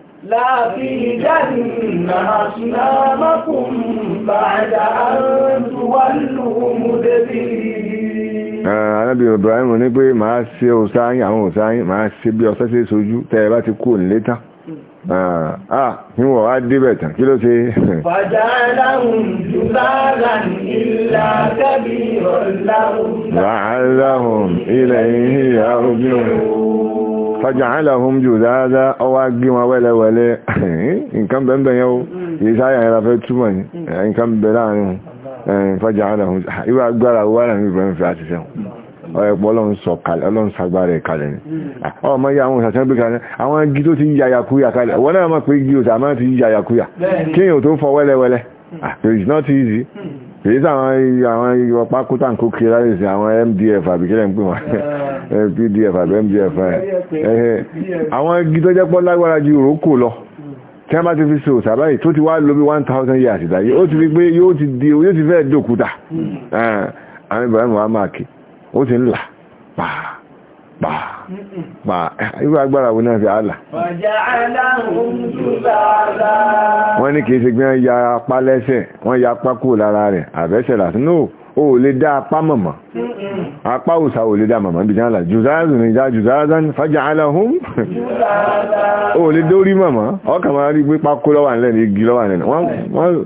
لأفيدن أصنامكم بعد أن تولوا مدبرين Ànábì Ibrahim ní pé máa ṣe òsáyìn àwọn òsáyìn máa ṣe bí ọ̀sẹ́ sí sojú tẹ́ẹ̀ bá ti kú nílé tán. Hmm. Àà ní wọ̀ débẹ̀ tán kí ló ṣe? Fàjáláhùn jùláàrán ìlà tẹ́bí ọ̀láhùn. Fàjáláhùn ilẹ̀ ìhìyà ogun fàjàhálàhùn jù dáadáa ọwá gbí wọn wẹ́lẹ́wẹ́lẹ́ nǹkan bẹ̀m̀bẹ̀ yẹn o yìí mm. sáyà ẹ̀rà fẹ́ túmọ̀ ní mm. eh, nǹkan bẹ̀ láàrin fàjàhálàhùn ìwà eh, agbára wà láàrin ìbẹ̀rẹ̀ fẹ́ àti sẹ́wọ̀n mm. ọ̀ẹ̀pọ̀ ọlọ́run sàgbàrẹ̀ kalẹ̀ ni ah, ọmọ ya àwọn òṣàṣẹ́ pé kalẹ̀ àwọn igi tó ti ń yàyàkúyà kalẹ̀ wọ́n náà mọ̀ pé igi òṣà máa ti to yàyàkúyà kíyàn tó fọ ah, It is not easy èyí sáwọn àwọn ìwọ̀pá kútàǹkú kí láìsí àwọn mdf àbí kílẹ̀ ń pè wọ́n ah. eh, pdf àbí mdf ẹ̀ eh. eh, àwọn igi tó jẹ́ pọ́ lágbára ju òrókò lọ hmm. tí a bá ti fi so sàbáyì tó ti wá lò bí 1000 years ìdáyé ó ti fi pé yóò ti di yóò ti fẹ́ dòkúta hmm. àwọn Ibrahim wa máa kì ó ti ń là pàá pa pa irú agbára wo náà fi àlà wọ́n ní kìí ṣe gbé ya apá lẹ́sẹ̀ wọ́n ya apá kúrò lára rẹ̀ àbẹ́sẹ̀ lásán náà o lè dá apá mọ̀mọ̀ apá òsà ò lè dá mọ̀mọ̀ bí jánlá jùzáàzù ní ìjá jùzáàzù ní fàjá aláhùn o lè dórí mọ̀mọ̀ ọkà máa rí pé pákó lọ́wà nílẹ̀ ní igi lọ́wà nílẹ̀ wọ́n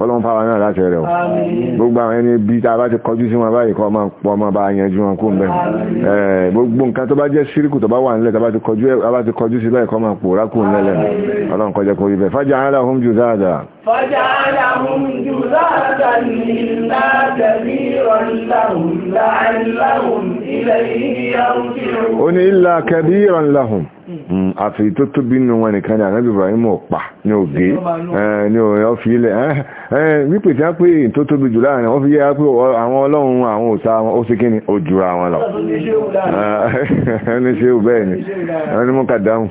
ọlọ́run fáwọn náà láti rẹ̀ ọ̀ gbogbo àwọn ẹni bí tá a bá ti kọjú sí wọn báyìí kọ́ ọmọ pọ̀ ọmọ bá yanjú wọn kó ń bẹ̀ gbogbo nǹkan tó bá jẹ́ síríkù tó bá wà nílẹ̀ tó bá ti kọjú sí báyìí kọ́ ọmọ pòórá kó ń ọlọ́run kọjá kó rí bẹ̀ فجعلهم جذاذا إلا كبيرا لهم لعلهم إليه يرجعون ó ní إلا كبيرا لهم àfi tó tóbi nínú wọn nìkan ní ànábì Ibrahim ọ̀pá ní ògé ní òyìn fi ilẹ̀ wípé tí a pé tó tóbi jù láàrin wọ́n fi yẹ́ pé àwọn ọlọ́run àwọn òsà ó sì kí ojú àwọn lọ ẹni ṣe ò bẹ́ẹ̀ ni ẹni mú kàdáhùn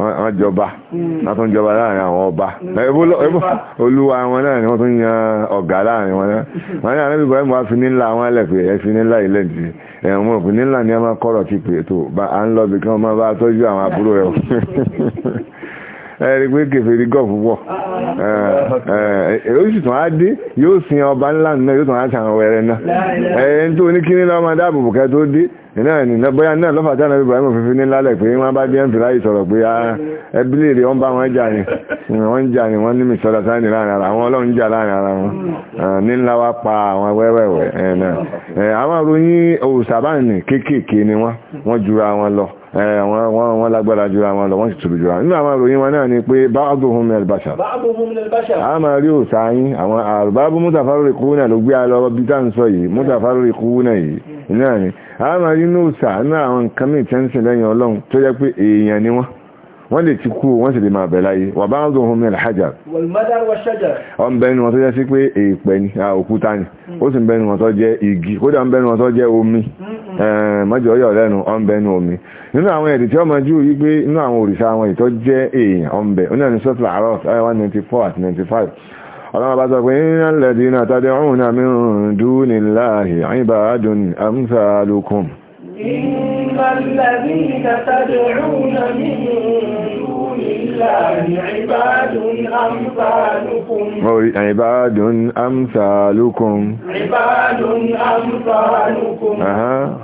wọ́n hmm. jọba láàrin àwọn ọba olúwa wọn náà ni wọ́n tún yan ọ̀gá láàrin wọn náà wọ́n ní àwọn ibùgbọ́ ẹ̀mọ́ fi nílà wọn lẹ̀ pé ẹ̀fi nílà ilẹ̀ ti ẹ̀wọ̀n òfin nílà ni a máa kọ́rọ̀ ti pè tó à ń lọ bí kí wọ́n máa bá tọ́jú àwọn àbúrò ẹ̀ ẹ̀rí pé kèfèrí gọ́ọ̀fù wọ̀ oṣù tán á dé yóò sin ọba ńlá náà yóò tán á sàn wẹ̀rẹ̀ náà ẹ̀yẹn tó ní kíní lọ́mọ dáàbòbò kẹ́ tó dé náà ní bóyá náà lọ́fàtà náà Ibrahim òfin ní lálẹ̀ pé wọ́n bá dé ń fìlà ìsọ̀rọ̀ pé ẹbílẹ̀ rẹ̀ wọ́n bá wọn jà ní wọ́n jà ní wọ́n ní ara wọn ọlọ́run jà láàrin ara wọn ní ńlá Eh, wọ́n lágbára jura wọn lọ wọ́n sì tóbi jura nínú àwọn ìròyìn wọn náà ni pé ba'duhum minal bashar a máa rí òsà yín àwọn àrùbábù mutafarriquna ló gbé alọ bí tá ń sọ yìí mutafarriquna yìí náà ni a máa rí ní òsà náà àwọn nǹkan mìí tẹ́ńsìn lẹ́yìn ọlọ́run tó jẹ́ pé èèyàn ni wọ́n wọ́n lè ti kú wọ́n sì lè máa bẹ̀ láyé wà bá ń zo ohun mẹ́rin hajar ọ ń bẹnu wọn tó jẹ́ sí pé èèpẹ̀ ni òkúta ni ó sì ń bẹnu wọn tó jẹ́ igi kódà ń bẹnu wọn tó jẹ́ omi mọ́jọ lẹ́nu ọ ń omi nínú àwọn ẹ̀dì tí ọmọ jù wípé nínú àwọn òrìṣà àwọn ìtọ́ jẹ́ èèyàn ọ 95 ọlọ́wọ́ bá sọ pé iná lẹ́dí náà tàbí ọ̀hún náà mìíràn إن الذين تدعون من دون الله عباد أمثالكم عباد أمثالكم عباد أمثالكم أها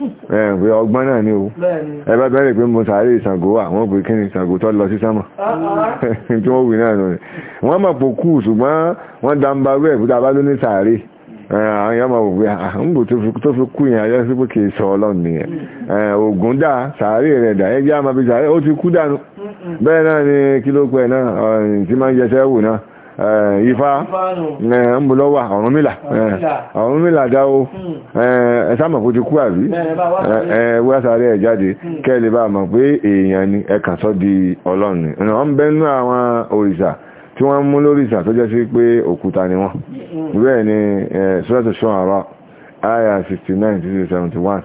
ẹ̀rùn eh, pé ọgbọ́n náà ni o ẹbá bẹ̀rẹ̀ pé mo sàárè ìsàngó àwọn òpè kí ni ìsàngó tó lọ sí sámà ah, ah. tí wọ́n wì náà nù rẹ̀ wọ́n mọ̀ pò kú ṣùgbọ́n wọ́n dàmbà rẹ̀ fúta bá ló ní sàárè eh, àwọn wò pé ah, tó fi kú yẹn mm. eh, ògùn dà sàárè Eh, ifá eh, ńbùlọ́wà eh, ọ̀rúnmìlà ọ̀rúnmìlà dáwó hmm. ẹ̀sàmọ̀ kó ti kú àbí wẹ́sàrẹ́ ẹ̀ jáde hmm. kẹ́lẹ̀ bá mọ̀ pé èèyàn ni ẹ̀kàn sọ́ di ọlọ́run ọ̀nà ń bẹ́nu àwọn òrìṣà tí wọ́n mú lórìṣà tó jẹ́ sí pé òkúta ni wọ́n hmm. bẹ́ẹ̀ ni sọ́lẹ́tọ̀ ṣọ́ àrọ́ àyà 69 71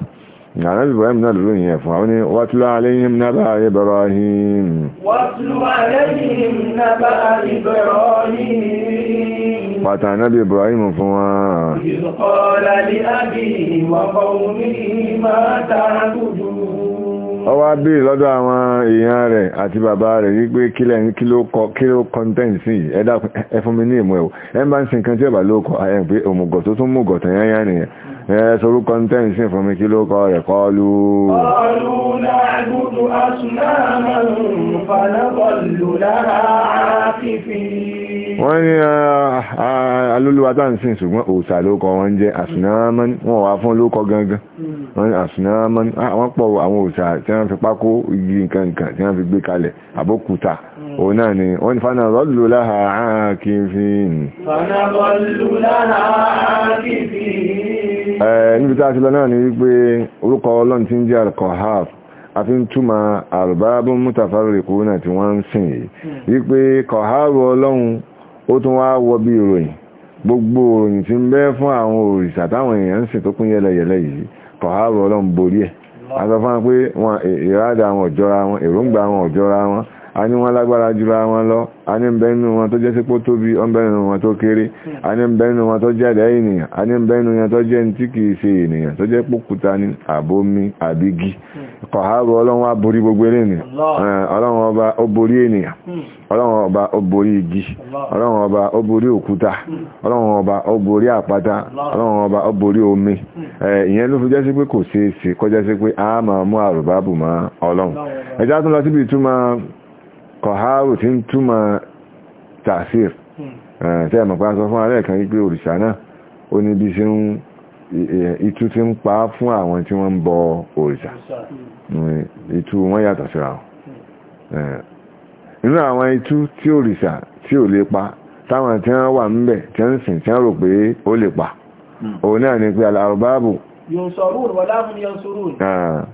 Nàrẹ́bì Ibrahim náà lórí yẹn fún àwọn ní wàtúlá aléyìn nábà Ibrahim. Wàtúlá aléyìn nábà Ibrahim. Pàtà nábì Ibrahim fún wa. Ìsọ̀kọ́lá lé àbí ìwọ̀kọ̀ omi máa tàà kùdù. Ó wá bí lọ́dọ̀ àwọn èèyàn rẹ̀ àti bàbá rẹ̀ wípé kílẹ̀ ní kílò kọ́ntẹ́ǹsì ẹ̀dá ẹfún mi ní ìmọ̀ ẹ̀wọ̀. Ẹ bá ń sin nǹkan tí ọ̀bà lóòkọ̀ ayẹ̀ pé òmùgọ̀ tó tún mùgọ̀ tẹ̀yán yá nìyẹn ẹ̀ẹ́sọ̀rú kọ́ntẹ́ǹsì fún mi kí ló kọ́ rẹ̀ kọlu wọ́n ní alúlúwátàǹsìn ṣùgbọ́n òòṣà ló kọ wọ́n jẹ́ asinaman wọ́n wá fún ló kọ gangan wọ́n ní asinaman ah, wọ́n pọ̀ àwọn òòṣà tí wọ́n fi pákó igi nǹkan nǹkan tí wọ́n fi gbé kalẹ̀ àbókúta òun náà ni wọ́n ni fanadhallu laha aakifin fanadhallu laha aakifin níbi tá a ti lọ náà ni wípé orúkọ ọlọ́run tí ń jẹ́ alkohaf a fi ń túmọ̀ arbabun mutafarriquna tí wọ́n ń hmm. gbogbo ti fún àwọn òrìṣà táwọn èèyàn tó kún yẹlẹyẹlẹ yìí a sọ fún wọn pé ìrádà àwọn wọn èròǹgbà àwọn a ní wọ́n lágbára lọ a ní bẹ́ẹ̀nù wọn tó jẹ́ sípò tóbi ọmbẹnu wọn tó kéré a ní wọn tó jẹ ẹ̀dá ènìyàn a ní wọn tó jẹ́ tí kìí ṣe ènìyàn tó pòkúta ní àbómi àbígi aborí gbogbo eléni eh, ọlọ́run ọba ó borí ènìyàn hmm. ọba ó borí igi ọba ó borí òkúta hmm. ọba ó borí àpáta ọba ó borí omi hmm. eh, ìyẹn ló fi jẹ́ sí pé kò ṣeé ṣe kọjá sí pé a máa kọ̀háàrù tí ń túmọ̀ tàṣír hmm. tẹ́ ẹ̀mọ̀pá sọ fún alẹ́ kan wípé òrìṣà náà ó ní bí ṣe ń itú tí ń pa fún àwọn tí wọ́n ń bọ òrìṣà hmm. itú wọ́n yàtọ̀ síra nínú hmm. àwọn itú tí òrìṣà tí ò lè pa táwọn tí wọ́n wà ń tí wọ́n sìn tí wọ́n rò pé ó lè pa òun náà ni pé alárùbáàbù yóò sọ̀rọ̀ wọ́n láàmú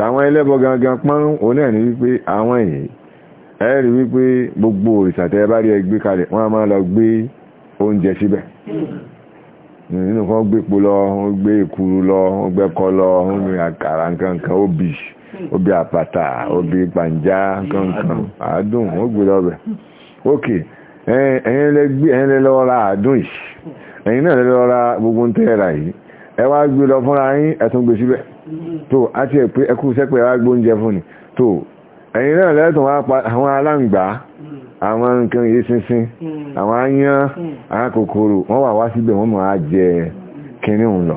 tàwọn ẹlẹ́bọ gangan pọ́n òun náà ní wípé àwọn èyí ẹ̀rí wípé gbogbo ìsàtẹ́ bá rí ẹgbẹ́ kalẹ̀ wọ́n a máa lọ gbé oúnjẹ síbẹ̀ nínú kan gbé epo lọ gbé èkuru lọ gbé ẹ̀kọ lọ gbé àkàrà nkankan obì obì àpàtà obì pàǹjá nkankan àádùn ó gbé lọ́bẹ̀ ókè ẹ̀yin lẹ àádùn yìí ẹ̀yin náà lẹ gbogbo ń tẹ́ yìí ẹ wá gbé lọ fúnra yín ẹ gbé síbẹ̀ tó àti ẹ̀pẹ́ ẹkú sẹ́pẹ́ wá gbóúnjẹ fún ni tó ẹ̀yìn náà lẹ́tọ̀ wá pa àwọn aláǹgbá àwọn nǹkan yìí sínsín àwọn aáyán àwọn kòkòrò wọ́n wà wá síbẹ̀ wọ́n máa jẹ kínní òun lọ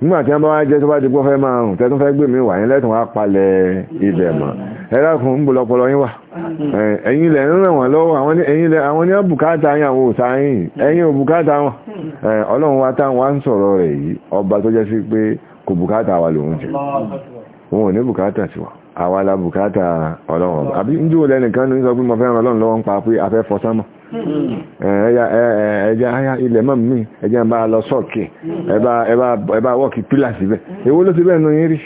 nígbà tí wọ́n bá wá jẹ́ tó bá ti gbọ́ fẹ́ máa rùn tẹ́tún fẹ́ gbèmí wà yín lẹ́tọ̀ wá palẹ̀ ibẹ̀ mọ́ ẹlákùn ń bò lọ́pọ̀lọ́ yín wà ẹ̀yin ilẹ̀ ń ràn wọ́n lọ́wọ́ àwọn ní ọ̀bùkátà yín àwọn òsáyìn ẹ̀yin òbùkátà wọn ọlọ́run wa táwọn wá ń sọ̀rọ̀ rẹ̀ yìí ọba tó jẹ́ sí pé kò bùkátà wa lòun jẹ́ wọn ò ní bùkátà tiwa àwa la bùkátà ọlọ́run àbí ń jùlọ ẹnìkan ní sọ pé mo fẹ́ràn ọlọ́run lọ́wọ́ ń pa pé afẹ́ fọ sámà ẹja aya ilẹ̀ mọ́ mi ẹja bá lọ sọ́ọ̀kì ẹba wọ́ọ̀kì pílà síbẹ̀ èwo ló ti bẹ́ẹ̀ nù yín rí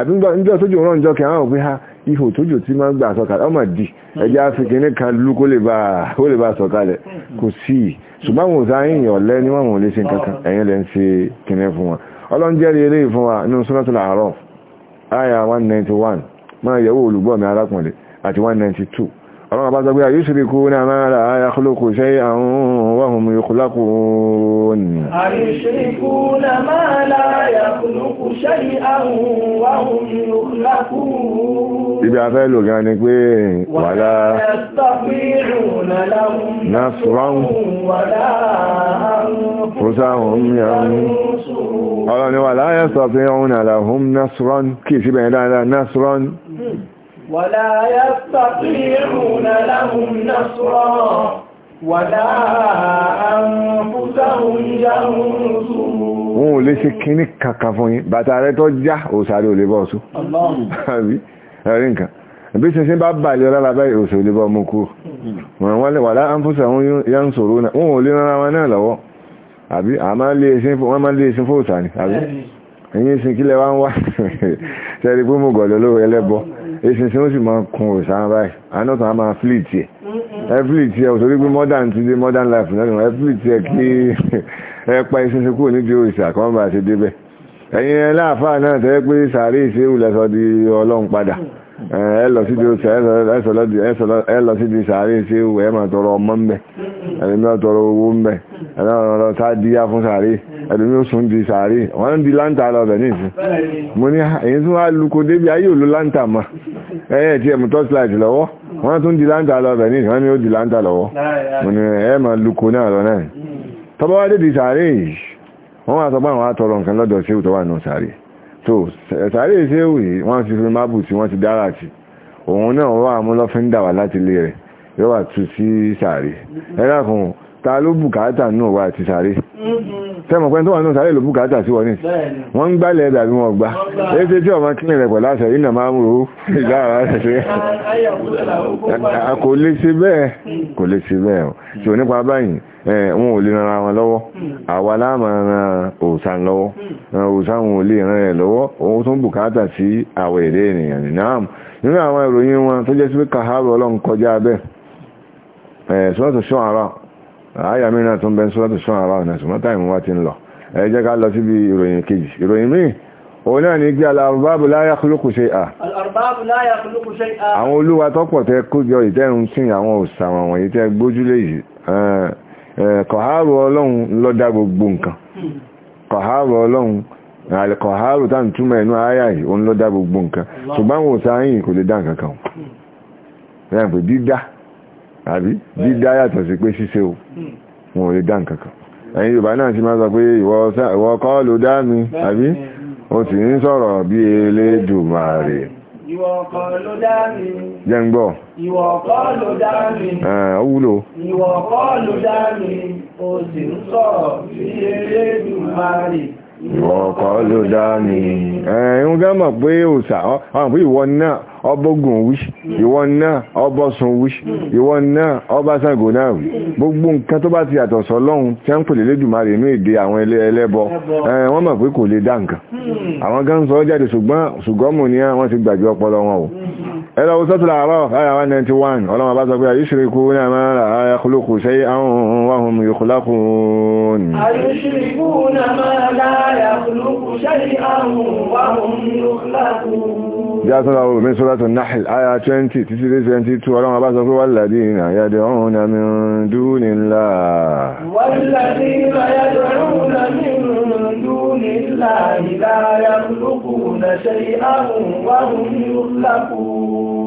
àbí ń jọ tójú rán jọ kí àwọn òpin ha ihò tójò tí máa ń gbà sọ̀kalẹ̀ ọmọ dì ẹjẹ́ áfíkì ní kan lú kó lè bá sọ̀kalẹ̀ kò sí ṣùgbọ́n àwọn òsáyìn ọ̀lẹ́ ni wọ́n lè ṣe nǹkan kan ẹ̀yìn lẹ́ ń ṣe kìnnẹ́ fún wọn ọlọ́n jẹ́rìí eré ìfún wa nínú Suratul A'raf àyà 191 máa yẹ̀wò olùgbọ́ mi arákùnrin àti 192 ọlọ́run bá sọgbé ayúṣìríkúnà máa la yàkúlùkù ṣe àwọn wọ́hùn yókùlákù ní ayúṣìríkúnà máa la yàkúlùkù ṣe àwọn wọ́hùn yókùlákù ibi afẹ́ lò gan ni pé wàlá nasran fúsáhùn yàrùn ọlọ́run wàlá yàsọ̀fẹ́ òun àlàhùn nasran kìí síbẹ̀ dáadáa nasran ولا يستطيعون لهم نصرا ولا أنفسهم ينصرون wọn ò lè ṣe kíní kankan fún yín bàtà rẹ tó já òsàrí ò lè bọ́ ọ̀sọ́ àbí ẹ̀rí nǹkan bí ṣe bá bàlẹ̀ lára báyìí òsò lè bọ́ ọmọ kú wọ́n lè wà láàáfúsà wọn yá ń sòrò náà wọn ò lè rárá wọn náà lọ́wọ́ àbí e wọ́n máa lè ṣe fóòsà ní àbí ẹ̀yìn ìsìnkílẹ̀ wá ń wá ṣẹ́rí pé mo gọ̀lọ́lọ́wọ́ ẹlẹ́bọ́ eṣinṣin ó sì máa kun òṣà báyìí anọ́tàn á máa fílì tiẹ̀ ẹ fílì tiẹ̀ pé modern ti dé modern life náà ẹ fílì tiẹ̀ kí ẹ pa eṣinṣin kúrò nídìí òṣà kan bá ti débẹ̀ ẹ̀yin ẹ láàfáà náà tẹ́ pé sàárè ìṣe ìwùlẹ̀sọ di ọlọ́run padà. Mm ẹ lọ síbi sàárè sí ìwẹ̀ ẹ máa tọrọ ọmọ mbẹ ẹlòmí ọ̀tọrọ owó mbẹ ẹlọ́rọ̀ sáàdíyá fún sàárè ẹlòmí ó sùn di sàárè wọ́n ń di láńtà lọ bẹ̀ ní ìsìn mo ní èyí tún wá lukó débi ayé òlú láńtà mọ́ ẹ̀yẹ́ tí ẹ̀mú tọ́sílàìtì lọ́wọ́ wọ́n tún di láńtà lọ bẹ̀ ní ìsìn wọ́n ní ó di láńtà lọ́wọ́ tó sàárè ṣéwù yìí wọ́n ti fi mábù tí wọ́n ti dára tì òun náà wà mú lọ́fíńdà wà láti ilé rẹ̀ yóò wà tú sí sàárè ẹ̀dàkùn ta ló bùkátà náà wà ti sàárè tẹ́mọ̀ mm-hmm. pẹ́ tó wà náà sàárè ló bùkátà sí wọ́n ní wọ́n ń gbálẹ̀ ẹ̀dà bí wọ́n gbá ẹ̀ṣẹ́ tí ọmọ kílẹ̀ rẹ̀ pẹ̀lú àṣẹ iná máa ń ro ìdára ṣẹṣẹ́ kò lè ṣe bẹ́ẹ̀ mm. kò lè ṣe bẹ́ẹ̀ Eh, wọn ò lè ran ara wọn lọ́wọ́ hmm. àwa láàmà ran òòsàn lọ́wọ́ hmm. òòsàn wọn ò lè ran ẹ̀ lọ́wọ́ òun tún bùkátà sí àwọ̀ èdè ènìyàn nìyàm nínú àwọn ìròyìn wọn tó jẹ́ sí pé kàhárù ọlọ́run kọjá bẹ́ẹ̀ eh, sọ́tò ṣọ́ara àyà mìíràn tó ń bẹ sọ́tò ṣọ́ara ọ̀nà ṣùgbọ́n táìmù wa ti ń lọ ẹ jẹ́ ká lọ síbi ìròyìn kejì ìròyìn míì òun náà Eh, kọ̀háàrù ọlọ́run lọ́dá gbogbo nǹkan hmm. kọ̀háàrù ọlọ́run àlẹ́kọ̀háàrù tá ń ẹ̀nú ayá yìí lọ́dá gbogbo nǹkan ṣùgbọ́n wò sáyìn kò lè dá nǹkan kan hmm. pé dídá àbí dídá yàtọ̀ sí pé ṣíṣe o hmm. wọn lè dá nǹkan kan ẹ̀yin Yorùbá náà ti máa sọ pé ìwọ kọ́ Ìwọ kọ́ ló dá mi. Jẹ́ ń gbọ́. ló dá mi. Ó wúlò. Ìwọ kọ́ ló dá mi. O sì ń sọ̀rọ̀ sí eré dùn máa rè ìwọ ọkọ̀ ló dá ní ẹ̀yìn gá mọ̀ pé òsà ọ̀hàn pé ìwọ náà ọbọ̀gùn wíṣì ìwọ náà ọbọ̀sùn wíṣì ìwọ náà ọbáṣàgò náà wí gbogbo nǹkan tó bá ti yàtọ̀ sọ́lọ́hun tí wọ́n ń pèlè lédùmarè ní èdè àwọn ẹlẹ́bọ wọ́n mọ̀ pé kò lè dá nǹkan àwọn gan sọ jáde ṣùgbọ́n ṣùgbọ́n mò ní àwọn ti gbàgbé ọpọlọ wọn o ẹlọ òsọ́tù làárọ̀ àyà 191 ọlọ́mà bá sọ pé àyíṣìríkú ní àmà àyà kúlùkù ṣe àwọn wahum yukhlaqun jásọ́lá omi sọ́látù náhìl àyà 20 títí dé 22 ọlọ́mà bá sọ pé walladina yad'una min dunillah walladina yad'una min dunillahi la yakhluquna shay'an wa hum yukhlaqun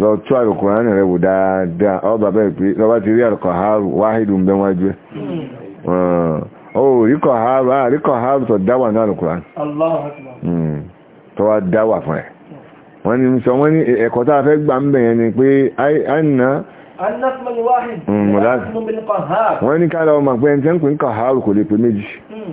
lọ tú àlùkùránì bụ dáadáa ọba bẹ́ẹ̀ pé lọ́wọ́ ti rí àlùkọ̀hárù wáhìdù ń bẹ wájú ẹ̀ ó rí kọ̀hárù á rí ahụ. Hmm, wọ́n ni sọ wọ́n ẹ̀kọ́ a fẹ́ gbà ń bẹ̀ ni pé hmm, wọ́n ká lọ́wọ́ pé ẹni tẹ́ ń pè ń kò lè pè méjì hmm.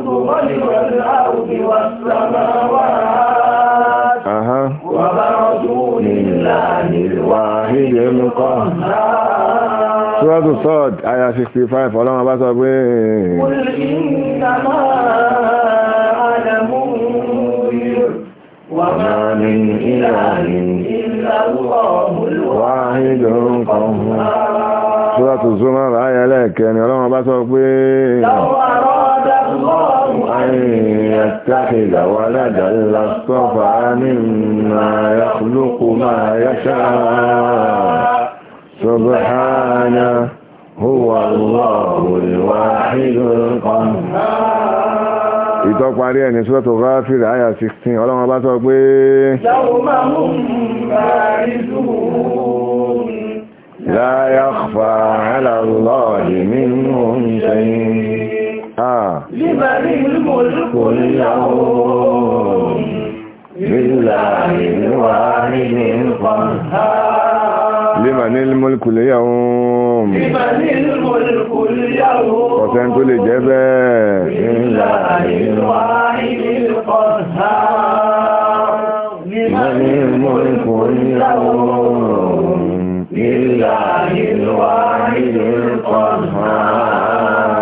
الأرض والأرض والسماوات وبرزوا لله الواحد القهار سورة الصاد آية 65 فلما بس أبوين قل إنما أنا منذر وما من إله إلا الله الواحد القهار سورة الزمر آية لك يعني ولما بسرق به لو أراد الله أن يتخذ ولدا لاصطفى مما يخلق ما يشاء سبحانه هو الله الواحد القهار ìtọ́ parí ẹ̀ ní sọ́tọ̀ gáfíìrì àyà 16 ọlọ́run bá sọ pé láyá fà aláàlọ́ọ̀dì nínú ìṣẹ́yìn لله الواحد القهار لمن الملك اليوم لمن الملك اليوم وسنت لجبال لله الواحد القهار لمن الملك اليوم لله الواحد القهار